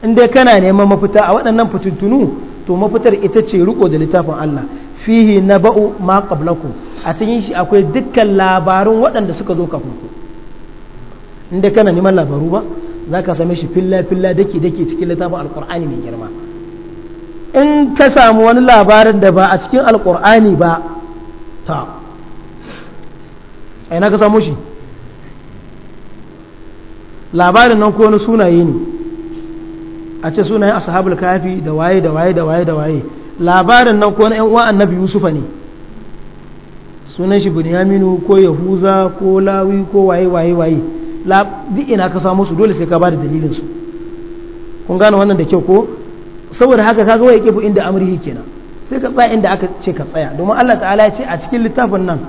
in dai kana neman mafita a waɗannan fitintunu to mafitar ita ce riko da littafin Allah fihi naba'u ma qablakum a cikin shi akwai dukkan labarun waɗanda suka zo kafin ku inda kana neman labaru ba za ka same shi filla filla dake dake cikin littafin alqur'ani mai girma in ka samu wani labarin da ba a cikin alqur'ani ba ta aina ka samu shi labarin nan ko wani sunaye ne a ce sunayen ashabul kafi da waye da waye da waye da waye labarin nan ko na yan uwan annabi yusufa ne sunan shi bunyaminu ko yahuza ko lawi ko waye waye waye duk ina ka samu su dole sai ka ba da dalilin su kun gane wannan da kyau ko saboda haka kaga waye kifu inda amrihi kenan sai ka tsaya inda aka ce ka tsaya domin Allah ta'ala ya ce a cikin littafin nan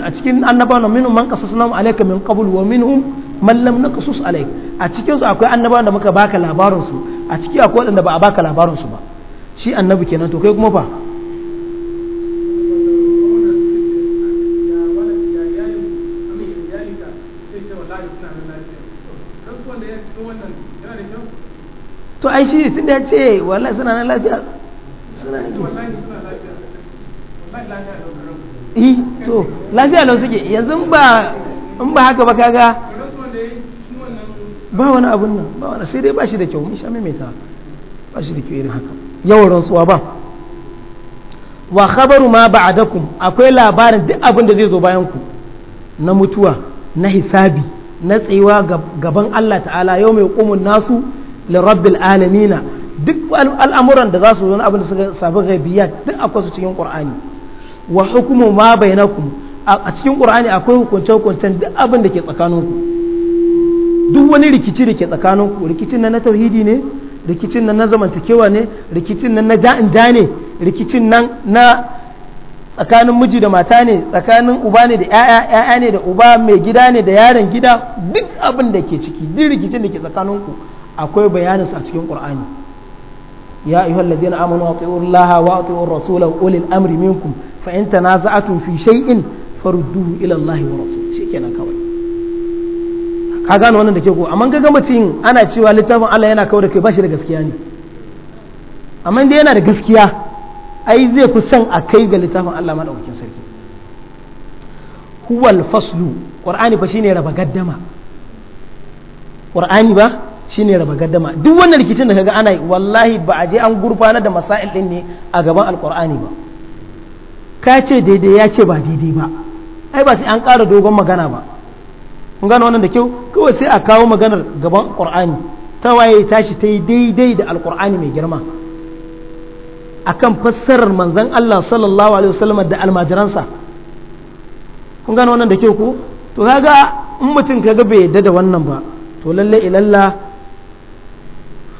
a cikin annabawan minhum man qasasnahum alayka min qabl wa minhum man lam naqsus alayk a cikin su akwai annabawan da muka baka labarin su a ciki akwai wanda ba a baka labarin su ba shi annabi kenan to kai kuma fa to ai shi tunda ya ce wallahi suna nan lafiya suna nan lafiya eh, to lafiya lau suke yanzu ba in ba haka ba kaga ba wani abun nan ba wani sai dai ba shi da kyau mun sha maimaita ba shi da kyau irin haka yawan rantsuwa ba wa khabaru ma ba'adakum akwai labarin duk abin da zai zo bayan ku na mutuwa na hisabi na tsayuwa gaban Allah ta'ala yau mai kumun nasu li rabbil alamina duk al'amuran da za su zo na abin da suka sabu ghaibiyat duk akwai su cikin qur'ani wa hukumu ma bainakum a cikin qur'ani akwai hukunce hukuncen duk abin da ke tsakaninku duk wani rikici da ke tsakaninku rikicin na na tauhidi ne rikicin nan na zamantakewa ne rikicin nan na ja'in ne rikicin nan na tsakanin miji da mata ne tsakanin uba ne da ya'ya ya'ya ne da uba mai gida ne da yaron gida duk abin da ke ciki duk rikicin da ke tsakaninku akwai bayanin a cikin qur'ani ya ayyuhal a amanu atiullaha wa atiur rasula ulil amri minkum fa in tanaza'tum fi shay'in farudduhu ila allahi wa rasul shikenan kawai ka gane wannan da ke ko amma ga mutum ana cewa littafin Allah yana kawo da kai bashi da gaskiya ne amma dai yana da gaskiya ai zai fi son a kai ga littafin Allah madaukakin sarki huwal faslu qur'ani fa shine raba gaddama qur'ani ba shine raba gaddama duk wannan rikicin da kaga ana yi wallahi ba a je an gurfana da masail din ne a gaban alqur'ani ba ka ce daidai ya ce ba daidai ba ai ba sai an ƙara dogon magana ba kun gano wannan da kyau kawai sai a kawo maganar gaban qur'ani ta waye tashi ta yi daidai da alqur'ani mai girma akan fassarar manzon Allah sallallahu alaihi wasallam da almajiransa kun gano wannan da kyau ko to kaga in mutum kaga bai yadda da wannan ba to lalle ilalla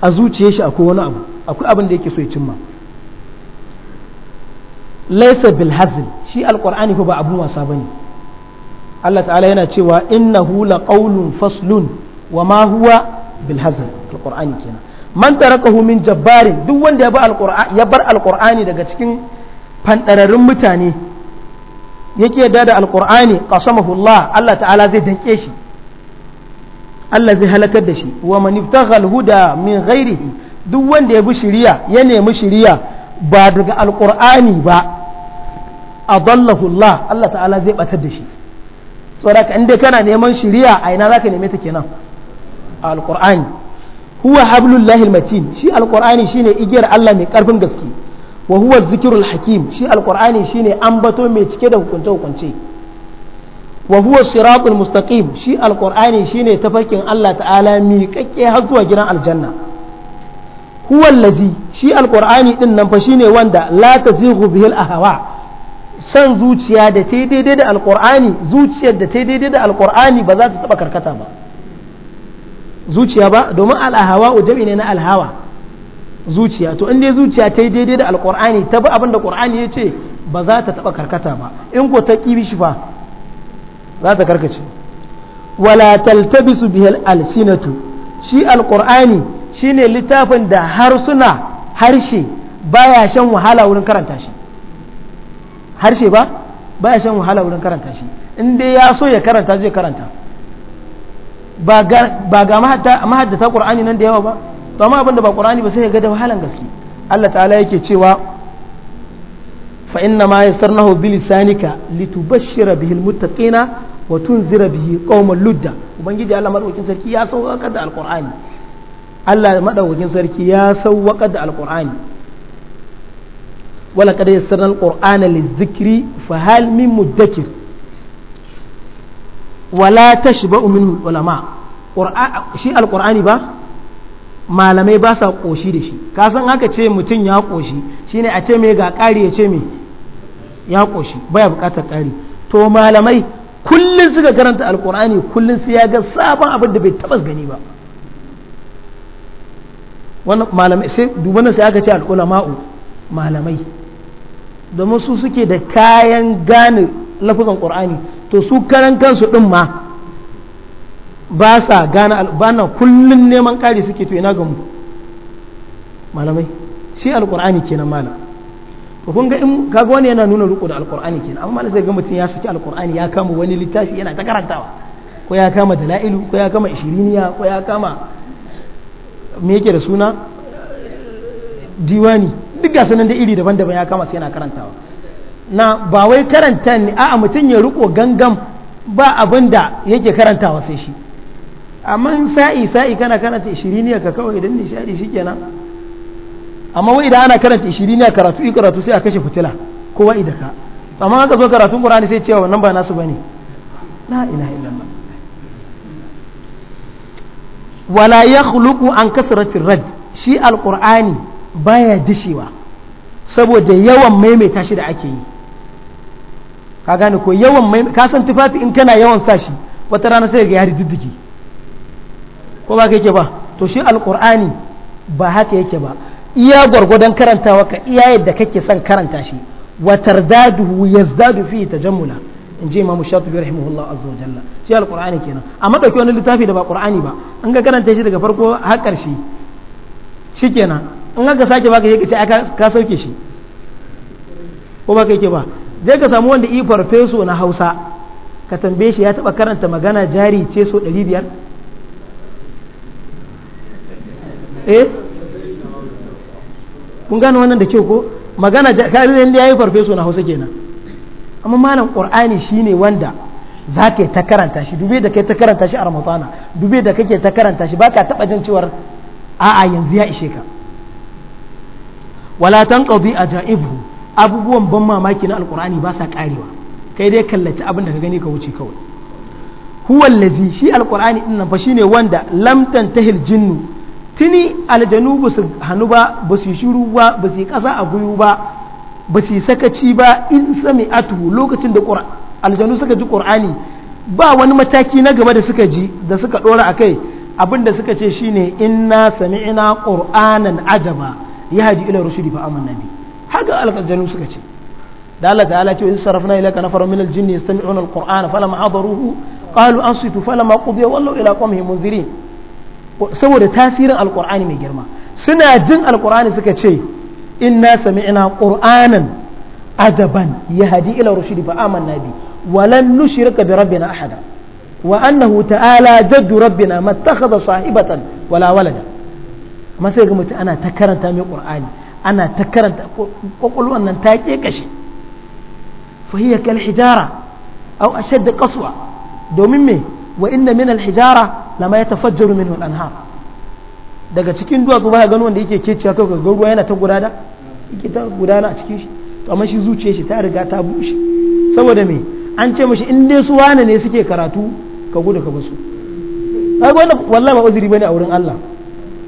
a zuciye shi akwai wani abu akwai abin da yake so ya cimma Laysa bil hazl shi alqur'ani ko ba abun wasa bane Allah ta'ala yana cewa innahu laqawlun faslun wa ma huwa bil hazan alqur'ani kenan man tarakahu min jabbarin duk wanda ya bar alqur'ani ya bar alqur'ani daga cikin fandararrun mutane yake yarda da alqur'ani qasamahu Allah Allah ta'ala zai danke shi Allah zai halakar da shi wa man ibtaghal huda min ghairihi duk wanda ya bi shiriya ya nemi shiriya ba daga alqur'ani ba adallahu Allah Allah ta'ala zai batar da shi saboda in dai kana neman shiriya a ina zaka neme ta kenan a alqur'ani huwa hablullahi almatin shi alqur'ani shine igiyar Allah mai karfin gaske wa huwa zikrul hakim shi alqur'ani shine ambato mai cike da hukunce hukunce wa huwa siratul mustaqim shi alqur'ani shine tafarkin Allah ta'ala mi kakke har zuwa gidan aljanna huwa allazi shi alqur'ani din nan fa shine wanda la tazighu bihil ahwa San zuciya da ta daidai da alkur'ani zuciyar da ta daidai da alkur'ani ba za ta taba karkata ba zuciya ba domin al'ahawa o ne na alhawa zuciya to in dai zuciya ta daidai da alkur'ani ta bi abin da qur'ani ya ce ba za ta taba karkata ba in ko ta kibi shi fa za ta karkace wala taltabisu bihal alsinatu shi alkur'ani shine littafin da harsuna harshe baya shan wahala wurin karanta shi harshe ba ba ya shan wahala wurin karanta shi in dai ya so ya karanta zai karanta ba ga mahaddata qur'ani nan da yawa ba to amma abinda ba qur'ani ba sai ya ga da wahalan gaske Allah ta'ala yake cewa fa inna ma yassarnahu bi lisanika litubashshira bihi almuttaqina wa tunzira bihi qauman ludda ubangiji Allah madaukakin sarki ya sauƙaƙa da alqur'ani Allah madaukakin sarki ya sauƙaƙa da alqur'ani wala kada yassarna alqur'ana lizikri fa hal min dakir wala ba umin ulama shi alƙor'ani ba malamai ba sa ƙoshi da shi ka san haka ce mutum ya shi shine a ce me ga ƙari ya ce me ya ƙoshi ba ya buƙatar ƙari to malamai kullum suka karanta alkur'ani kullum su ya ga sabon abin da bai tabbas gani ba wannan malamai sai dubanin sai aka ce al'ulama'u malamai da masu suke da kayan gane lafazan ƙorani to su karan kansu ɗin ma ba sa gane albana kullum neman ƙari suke to ina ga mu malamai shi alƙur'ani kenan malam to kun ga in kaga wani yana nuna riko da alƙorani kenan amma malam sai ga mutum ya saki alƙorani ya kama wani littafi yana ta karantawa ko ya kama dala'ilu ko ya kama ishiriniya ko ya kama me yake da suna diwani duk ga sanan da iri daban-daban ya kama sai yana karantawa na ba wai karanta ne a'a mutum ya riko gangam ba abin da yake karantawa sai shi amma sa'i sa'i kana karanta ishiriniya ka kawai idan nishadi shikenan amma wai idan ana karanta ishiriniya karatu i karatu sai a kashe fitila kowa ida ka amma aka zo karatun qur'ani sai cewa wannan ba nasu bane la ilaha illallah wala yakhluqu an kasratir rad shi alqur'ani baya dishewa saboda yawan maimaita shi da ake yi ka gane ko yawan ka san tufafi in kana yawan sa wata rana sai ga ya diddiki ko ba ka yake ba to shi alkur'ani ba haka yake ba iya gwargwadon karantawa ka iya yadda kake son karanta shi watar daduhu yazdadu fi tajammula in ji imamu shatubi Allah azza wa jalla shi alqur'ani kenan amma ɗauki wani littafi da ba ƙur'ani ba an ga karanta shi daga farko har shi kenan in aka sake baka yake ka ce ka sauke shi ko baka yake ba je ka samu wanda i farfeso na Hausa ka tambaye shi ya taba karanta magana jari ce so 500 eh kun gane wannan da kyau ko magana jari da yayi farfeso na Hausa kenan amma malam Qur'ani shine wanda za ka ta karanta shi dubai da kai ta karanta shi a ramadana dubai da kake ta karanta shi ba ka taɓa jin cewar a'a yanzu ya ishe ka wala qadi ajaibuhu abubuwan ban mamaki na alqur'ani ba sa karewa kai dai kallaci abin da ka gani ka wuce kawai huwa allazi shi alqur'ani din nan fa shine wanda lam tantahil jinnu tini aljanu ba su hannu ba ba su shiru ba ba su kasa a guyu ba ba su sakaci ba in sami'atu lokacin da aljanu suka ji qur'ani ba wani mataki na gaba da suka ji da suka dora akai abin da suka ce shine inna sami'na qur'anan ajaba yahdi ila rushdi fa amanna bi haka alqaljanu suka ce da Allah ta'ala ce in sarafna ilaka nafarun min aljinni yastami'una alqur'ana falamma hadaruhu qalu ansitu falamma qudiya wallahu ila qawmihim munzirin saboda tasirin alqur'ani mai girma suna jin alqur'ani suka ce inna sami'na qur'anan ajaban yahdi ila rushdi fa amanna bi ولن نشرك بربنا أحدا وأنه تعالى جد ربنا ما اتخذ صاحبة wala ولدا amma sai ga mutum ana ta karanta mai qur'ani ana ta karanta kwakwalwan nan ta ke kashi fa hiya kal hijara aw ashadda qaswa domin me wa inna min al hijara lama tafajjaru min al anhar daga cikin duwatsu ba gano wanda yake keciya kai ga ruwa yana ta gudana yake ta gudana a cikin shi to amma shi zuciyar shi ta riga ta bushe saboda me an ce mashi in dai su wane ne suke karatu ka gudu ka basu kaga wannan wallahi ba uzuri bane a wurin Allah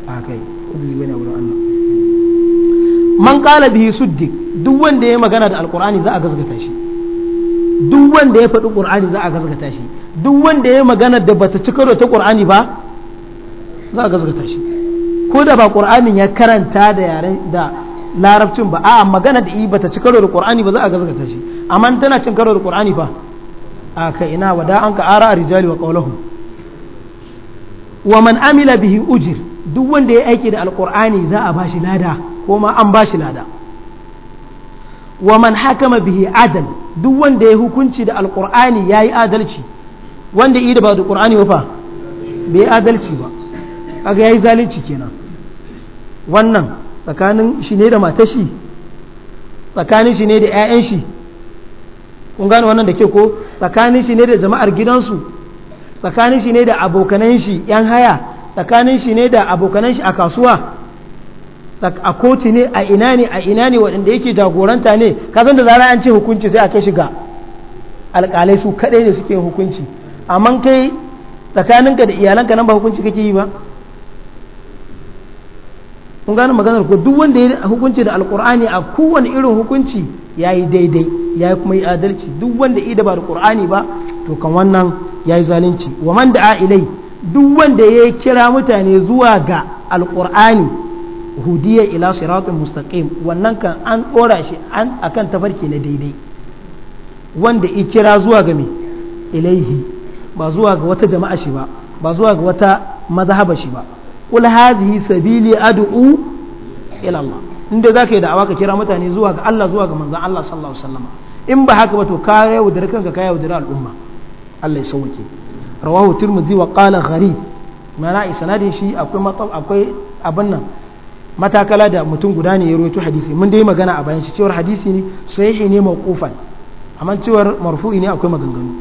a kai uzuri bane wurin Allah man kala bihi suddi duk wanda ya magana da alqur'ani za a gaskata shi duk wanda ya faɗi qur'ani za a gaskata shi duk wanda ya magana da bata ci karo ta qur'ani ba za a gaskata shi ko da ba qur'anin ya karanta da yaren da larabcin ba a'a magana da bata ci karo da qur'ani ba za a gaskata shi amma tana cin karo da qur'ani fa a kai ina wada an ka ara a rijali wa qawluhum wa man amila bihi ujir duk wanda ya aiki da alkur'ani za a bashi lada ko ma an bashi lada wa man hakama bihi adal duk wanda ya hukunci da alkur'ani yi adalci wanda yi da ba da qur'ani ba bai adalci ba kaga yayi zalunci kenan wannan tsakanin shi ne da matashi tsakanin shi ne da 'ya'yan shi kun gane wannan da ke ko tsakanin shi ne da jama'ar gidansu tsakanin shi ne da abokanan shi 'yan haya tsakanin shi ne da abokanan shi a kasuwa a kotu ne a ina ne a ina ne waɗanda yake jagoranta ne kasan da zara an ce hukunci sai a kai shiga alƙalai su kaɗai ne suke hukunci amma kai tsakaninka da iyalanka nan ba hukunci kake yi ba kun gane maganar ko duk wanda ya hukunci da Alƙur'ani a kowane irin hukunci ya yi daidai ya yi kuma yi adalci duk wanda ida ba da ƙur'ani ba to kan wannan ya yi zalunci wa man da'a ilai duk wanda ya kira mutane zuwa ga Alkur'ani. hudiya ila siratun mustaqim wannan kan an ɗora shi an akan tafarki na daidai wanda ya kira zuwa ga me ilaihi ba zuwa ga wata jama'a shi ba ba zuwa ga wata mazhaba shi ba qul hadhihi sabili ad'u ila Allah inda zaka yi da'awa ka kira mutane zuwa ga Allah zuwa ga manzon Allah sallallahu alaihi wasallam in ba haka ba to ka yaudare kanka ka yaudare al'umma Allah ya sauke rawahu tirmidhi wa qala gharib mana isnadin shi akwai matsal abin nan matakala da mutum guda ne ya hadisi mun dai magana a bayan shi cewar hadisi ne sahihi ne mawqufan amma cewar marfu'i ne akwai maganganu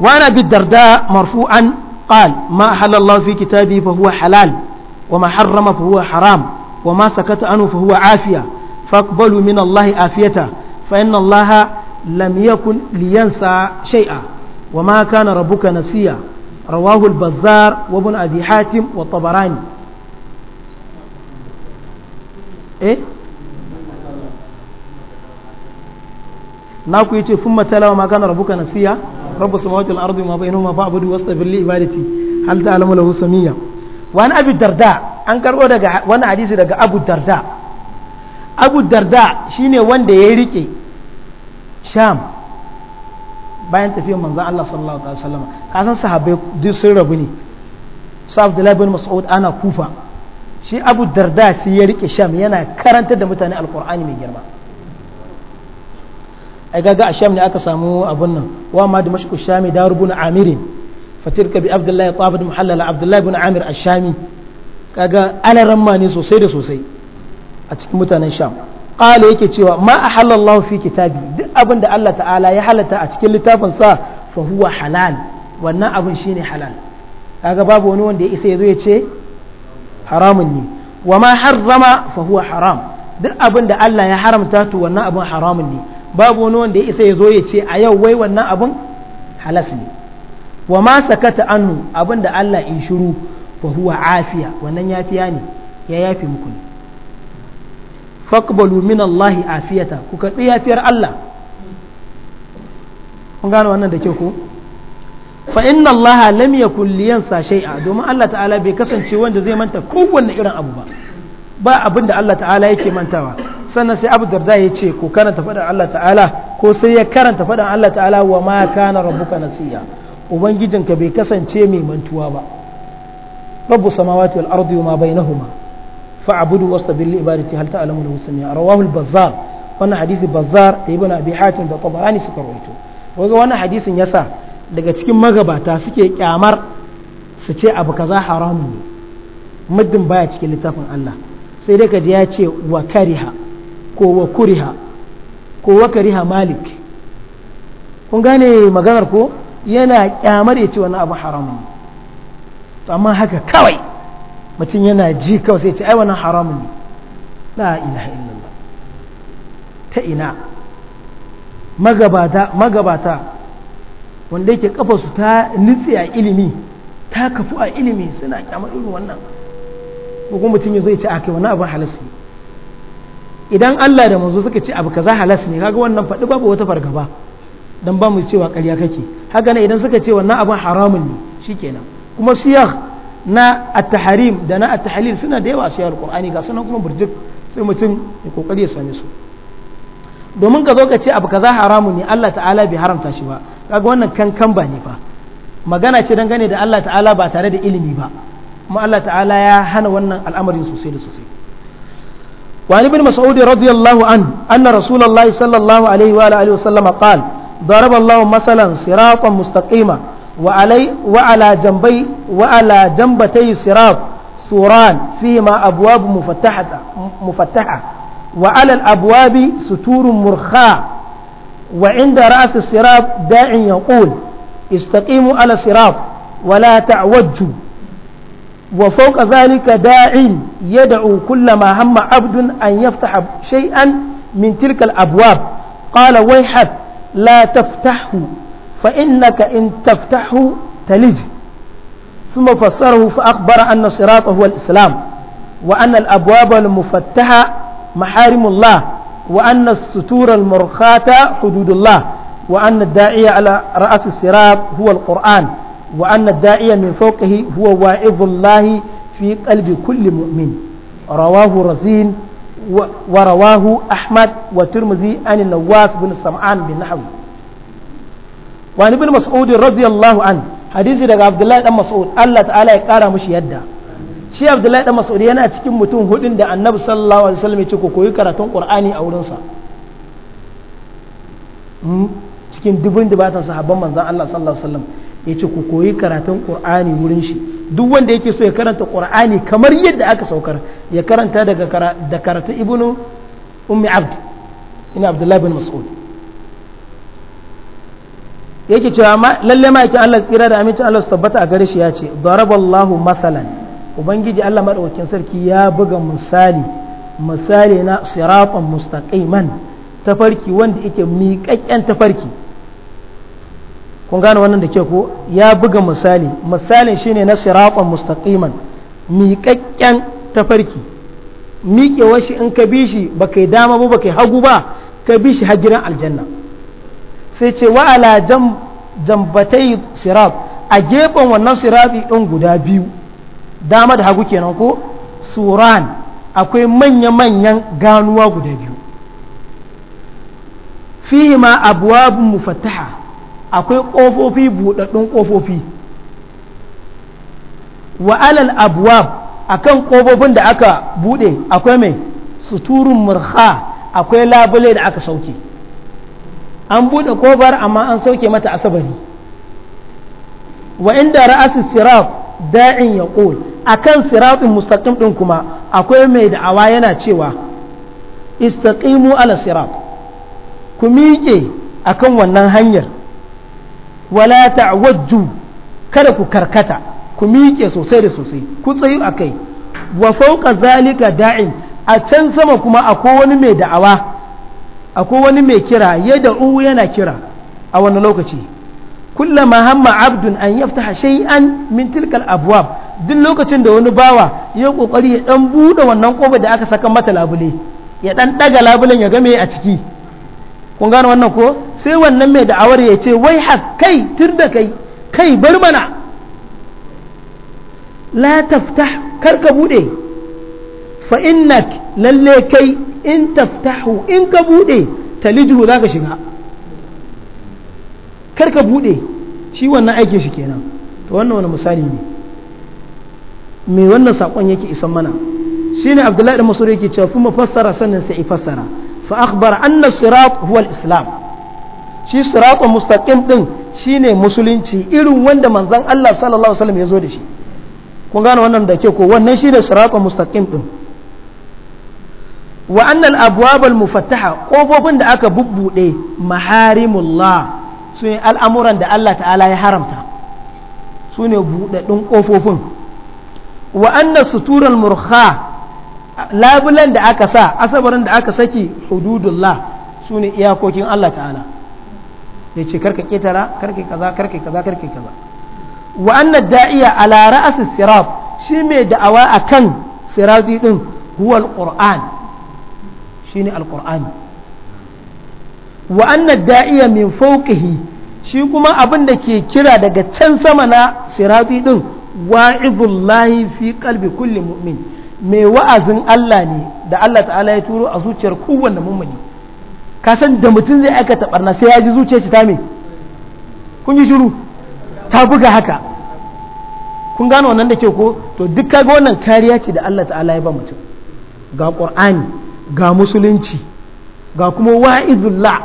wa na bi darda marfu'an qal ma halallahu fi kitabi fa huwa halal wa ma harrama fa huwa haram wa ma sakata anhu fa huwa afiya faqbalu min Allah afiyata fa inna Allah lam yakun liyansa shay'a wa ma kana rabbuka nasiya rawahu al-bazzar wa ibn hatim wa tabarani na ku yace fun matala wa ma kana rabbuka nasiya rabbu samawati wal ardi ma bainahuma fa'budu wastabir li ibadati hal ta'lamu lahu samiyya wa an abi darda an karbo wani hadisi daga abu darda abu darda shine wanda ya rike sham bayan tafiyar manzan Allah sallallahu alaihi wasallam kasan sahabbai duk sun rabu ne su Abdullahi bin Mas'ud ana kufa shi Abu Darda sai ya rike Sham yana karantar da mutane Alkur'ani mai girma ai gaga a Sham ne aka samu abun nan wa ma da mashku Shami darubun amirin fatirka bi Abdullahi tabid muhallala Abdullahi bin Amir ash-Shami kaga ana ramma ne sosai da sosai a cikin mutanen Sham qala yake cewa ma ahallallahu fi kitabi duk abin da Allah ta'ala ya halatta a cikin littafin sa fa huwa halal wannan abin shine halal kaga babu wani wanda ya isa yazo ya ce haramun ne wa ma harrama fa huwa haram duk abin da Allah ya haramta to wannan abin haramun ne babu wani wanda ya isa yazo ya ce a yau wai wannan abin halas ne wa ma sakata anhu abin da Allah in shiru fa huwa afiya wannan yafiya ne ya yafi muku ne faqbalu min Allah afiyata ku karbi yafiyar Allah kun gano wannan da ke ku fa inna Allah lam yakul liyansa shay'a domin Allah ta'ala bai kasance wanda zai manta kowanne irin abu ba ba abin da Allah ta'ala yake mantawa sannan sai Abu Darda ya ce ko karanta faɗin Allah ta'ala ko sai ya karanta faɗin Allah ta'ala wa ma kana rabbuka nasiya ubangijinka bai kasance mai mantuwa ba rabbu samawati wal ardi wa ma bainahuma fa'budu wastabir li ibadati hal ta'lamu lahu samia rawahu al-bazzar wannan hadisi bazzar da ibn abi hatim da tabarani suka rawaito kaga wannan hadisin yasa daga cikin magabata suke kyamar su ce abu kaza haramun ne muddin baya cikin littafin Allah sai dai kaji ya ce wa kariha malik kun gane maganar ko yana kyamar ya ce wani abu haramun to amma haka kawai mutum yana ji kawai sai ce ai wannan haramun ne la ilaha illallah ta ina magabata magabata wanda yake kafa su ta nitsi a ilimi ta kafu a ilimi suna kyamar irin wannan ko kuma mutum ya zo ya ce akai wannan abin halas ne idan Allah da manzo suka ce abu kaza halas ne kaga wannan faɗi babu wata fargaba dan ba mu cewa ƙarya kake haka ne idan suka ce wannan abin haramun ne shikenan kuma siyah na at-tahrim da na at-tahlil suna da yawa a cikin alqur'ani ga sunan kuma burjik sai mutum ya kokari ya same su domin ka zo ka ce abu kaza haramun ne Allah ta'ala bai haramta shi ba kaga wannan kankan ba ne fa magana ce dangane da Allah ta'ala ba tare da ilimi ba kuma Allah ta'ala ya hana wannan al'amarin sosai da sosai وعن ابن مسعود رضي الله عنه أن رسول الله صلى الله عليه وآله وسلم قال ضرب الله مثلا صراطا مستقيما وعلي وعلى جنبي وعلى جنبتي صراط سوران فيما أبواب مفتحة مفتحة وعلى الأبواب ستور مرخاة وعند رأس الصراط داع يقول استقيموا على الصراط ولا تعوجوا وفوق ذلك داع يدعو كل ما هم عبد أن يفتح شيئا من تلك الأبواب قال ويحك لا تفتحه فإنك إن تفتحه تلج ثم فسره فأخبر أن صراطه هو الإسلام وأن الأبواب المفتحة محارم الله وأن الستور المرخاة حدود الله وأن الداعية على رأس الصراط هو القرآن وأن الداعية من فوقه هو واعظ الله في قلب كل مؤمن رواه رزين ورواه أحمد وترمذي عن النواس بن سمعان بن نحوه wani bin mas'ud radiyallahu an hadisi daga abdullahi dan mas'ud Allah ta'ala ya kara mushi yadda shi abdullahi dan mas'ud yana cikin mutum hudun da annabi sallallahu alaihi wasallam ya ce ku koyi karatun qur'ani a wurinsa hmm? cikin dubun dubatan sahabban manzon Allah sallallahu alaihi wasallam ya ce ku koyi karatun qur'ani wurin shi duk wanda yake so ya karanta qur'ani kamar yadda aka saukar ya karanta daga da karatun ibnu ummi abd ina abdullahi bin mas'ud yake cewa lalle ma'aikin Allah tsira da amincin Allah su tabbata a gare shi ya ce daraballahu masalan ubangiji Allah madaukakin sarki ya buga misali misali na siratan mustaqiman tafarki wanda yake miƙaƙƙen tafarki kun gane wannan da ke ko ya buga misali misalin shine na siratan mustaqiman miƙaƙƙen tafarki miƙewar shi in ka bi shi ba dama ba hagu ba ka bi shi har gidan aljanna sai ce wa ala jambatai sirat a gefen wannan sirati ɗin guda biyu dama da hagu kenan ko suran akwai manya-manyan ganuwa guda biyu fihi ma abuwabin fataha akwai ƙofofi buɗaɗɗun ƙofofi wa alal abuwab akan ƙofofin da aka buɗe akwai mai suturun murha akwai labule da aka sauke an buɗe kofar amma an sauke mata asabari wa inda ra'asu sirat da'in ya ƙul a kan siratin mustaƙim ɗin kuma akwai mai da'awa yana cewa istaƙimu ala sirat ku miƙe a kan wannan hanyar wala ta'wajju kada ku karkata ku miƙe sosai da sosai ku tsayu a kai wa fauka zalika da'in a can sama kuma akwai wani mai da'awa akwai wani mai kira ya uwu yana kira a wani lokaci kullama hamma abdun an yaftaha hashe an mintilkal abwab duk lokacin da wani bawa ya kokari ya dan buɗe wannan kofar da aka saka mata labule ya dan daga labulen ya game a ciki kun gane wannan ko sai wannan mai da'awar ya ce wai kai tur da kai kai bar mana la taftah kar ka buɗe. fa innak lalle kai in taftahu in ka buɗe bude za ka shiga kar ka buɗe shi wannan aikin shi kenan to wannan wani misali ne me wannan sakon yake isan mana shine abdullahi da masoro yake cewa kuma fassara sannan sai fassara fa akhbara anna sirat huwa al-islam shi sirat mustaqim din shine musulunci irin wanda manzon Allah sallallahu alaihi wasallam ya zo da shi kun gane wannan da ke ko wannan shine sirat mustaqim din wa annal mu fataha kofofin da aka bubbude maharimullah su ne al'amuran da Allah ta'ala ya haramta su ne buɗaɗɗun kofofin wa annas sutural murha labulan da aka sa asabarin da aka saki hududullah su ne iyakokin Allah ta'ala ya ce karka ketara karka kaza karka kaza karka kaza wa annad da'iya ala ra'as sirat shi mai da'awa a kan sirati din huwa alquran shine alqur'ani wa anna da'iya min fawqihi shi kuma abin da ke kira daga can sama na sirati din wa'izullahi fi qalbi kulli mu'min mai wa'azin Allah ne da Allah ta'ala ya turo a zuciyar kowanne mummuni ka san da mutum zai aikata barna sai ya ji zuciyar shi ta me kun ji shiru ta buga haka kun gano wannan da ke ko to duk kaga wannan kariya ce da Allah ta'ala ya ba mutum ga qur'ani ga musulunci ga kuma wa'izullah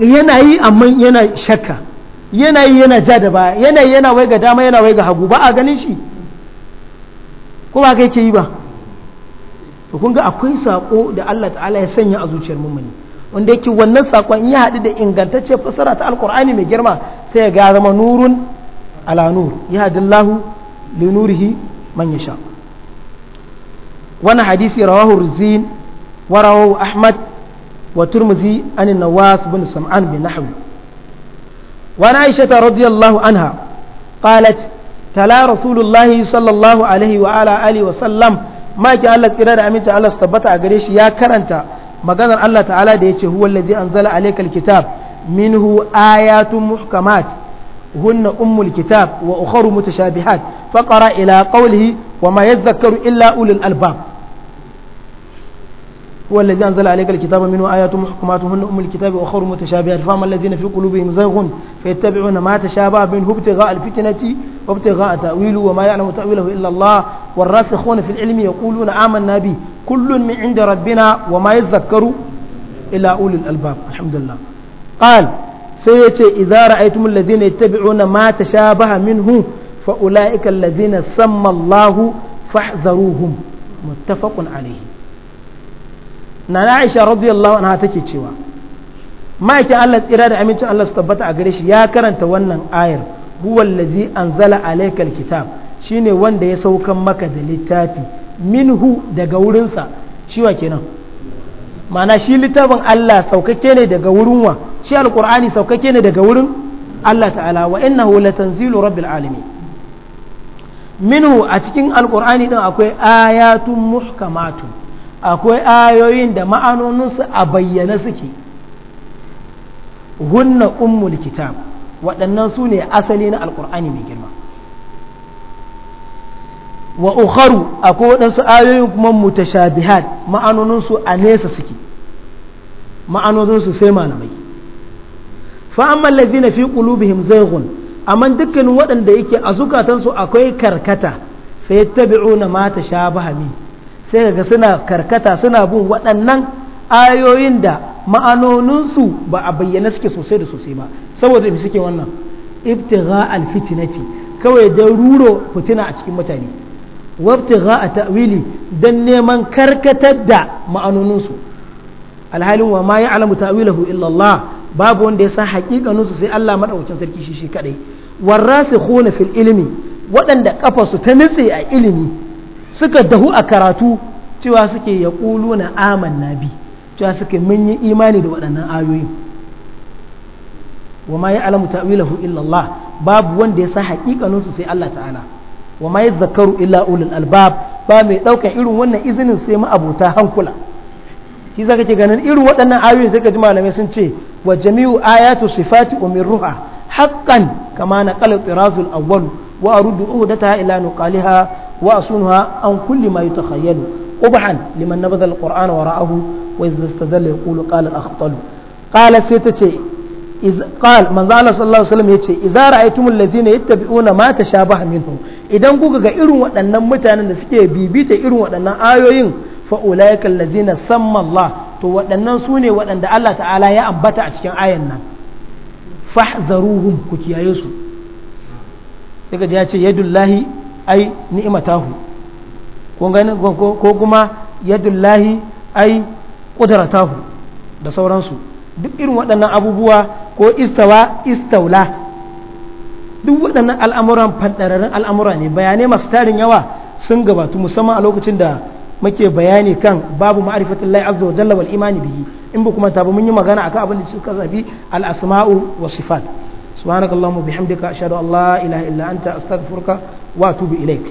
yana yi amma yana shakka yana yi yana ja da ba yana yi yana wai ga dama yana wai ga hagu ba a ganin shi ko ba kai ke yi ba to kun ga akwai sako da Allah ta'ala ya sanya a zuciyar mummuni wanda yake wannan sakon in ya haɗu da ingantacce fasara ta alkur'ani mai girma sai ya ga zama nurun ala nur ya hadin lahu nurihi man yasha wani hadisi rawahu rizin wa rawahu ahmad wa turmuzi an nawas bin sam'an bin nahwi wa na aisha radiyallahu anha qalat tala rasulullahi sallallahu alaihi wa ala alihi wa sallam maki Allah tsira da aminta Allah su tabbata a gare shi ya karanta maganar Allah ta'ala da yace huwa allazi anzala alaykal kitab minhu ayatun muhkamat hunna ummul kitab wa ukhra mutashabihat faqara ila qawlihi وما يذكر إلا أولي الألباب هو الذي أنزل عليك الكتاب منه آيات محكمات هن أم الكتاب وأخر متشابهات فأما الذين في قلوبهم زيغ فيتبعون ما تشابه منه ابتغاء الفتنة وابتغاء تأويله وما يعلم تأويله إلا الله والراسخون في العلم يقولون آمنا به كل من عند ربنا وما يذكر إلا أولي الألباب الحمد لله قال سيأتي إذا رأيتم الذين يتبعون ما تشابه منه فأولئك الذين سمى الله فاحذروهم متفق عليه نانا عائشة رضي الله عنها تكي cewa ma'aikin Allah tsira da amincin Allah su tabbata a gare shi ya karanta wannan ayar huwal ladzi anzala alaykal kitab shine wanda ya sauka maka da littafi minhu daga wurinsa shiwa kenan ma'ana shi littafin Allah saukakke ne daga wurin wa shi alqur'ani saukakke ne daga wurin Allah ta'ala wa innahu latanzilu rabbil alamin minhu a cikin alkur'ani din akwai ayatun muhkamatu akwai ayoyin da ma'anoninsu a bayyane suke hunna ummul kitab waɗannan su ne asali na alkur'ani mai girma wa ukharu akwai waɗansu ayoyin kuma mutashabihat ma'anoninsu a nesa suke ma'anoninsu sai malamai fa amma na fi qulubihim zayghun amma dukkanin waɗanda yake a zukatansu akwai karkata fa na ma sha bahami sai kaga suna karkata suna bin waɗannan ayoyin da ma'anoninsu ba a bayyana suke sosai da sosai ba saboda me suke wannan ibtigha alfitinati kawai da ruro fitina a cikin mutane wabtigha a ta'wili dan neman karkatar da ma'anoninsu alhalin wa ma ya'lamu ta'wilahu illallah babu wanda ya san hakikanin su sai Allah madaukakin sarki shi shi kadai warasikhuna fil ilmi waɗanda kafa su ta nutse a ilimi suka dahu a karatu cewa suke yaquluna amanna bi cewa suke mun yi imani da waɗannan ayoyin wa ma ya'lamu ta'wilahu illa babu wanda ya san hakikanin su sai Allah ta'ala wa ma zakaru illa ulul albab ba mai daukan irin wannan izinin sai ma abota hankula shi zaka ke ganin irin waɗannan ayoyin sai ka ji malamai sun ce wa jami'u ayatu sifati umirruha haqqan kama naqala tirazu al-awwal wa aruddu uhdataha ila nuqaliha wa asunha an kulli ma yatakhayyalu qubhan liman nabadha al-qur'ana wara'ahu wa idh istadalla yaqulu qala al-akhtal qala sai إذ قال من ذا صلى الله عليه وسلم يتي إذا رأيتم الذين يتبعون ما تشابه منه إذا كوكا إرو وأن متانا سكي بيبيت إرو وأن آيوين fa'ulaikal lazina samma Allah to waɗannan su ne waɗanda Allah ta'ala ya ambata a cikin ayan nan fahzaruhum ku kiyaye su sai ka ji ya ce yadullahi ai ni'matahu ko gani ko kuma yadullahi ai qudratahu da sauransu duk irin waɗannan abubuwa ko istawa istaula duk waɗannan al'amuran fadararren al'amura ne bayanai masu tarin yawa sun gabatu musamman a lokacin da muke bayani kan babu ma'rifatul lahi azza wa jalla wal imani bihi in ba kuma tabu mun yi magana akan abin da suka zabi al asma'u wa sifat subhanakallahumma bihamdika ashhadu an la ilaha illa anta astaghfiruka wa atubu ilaik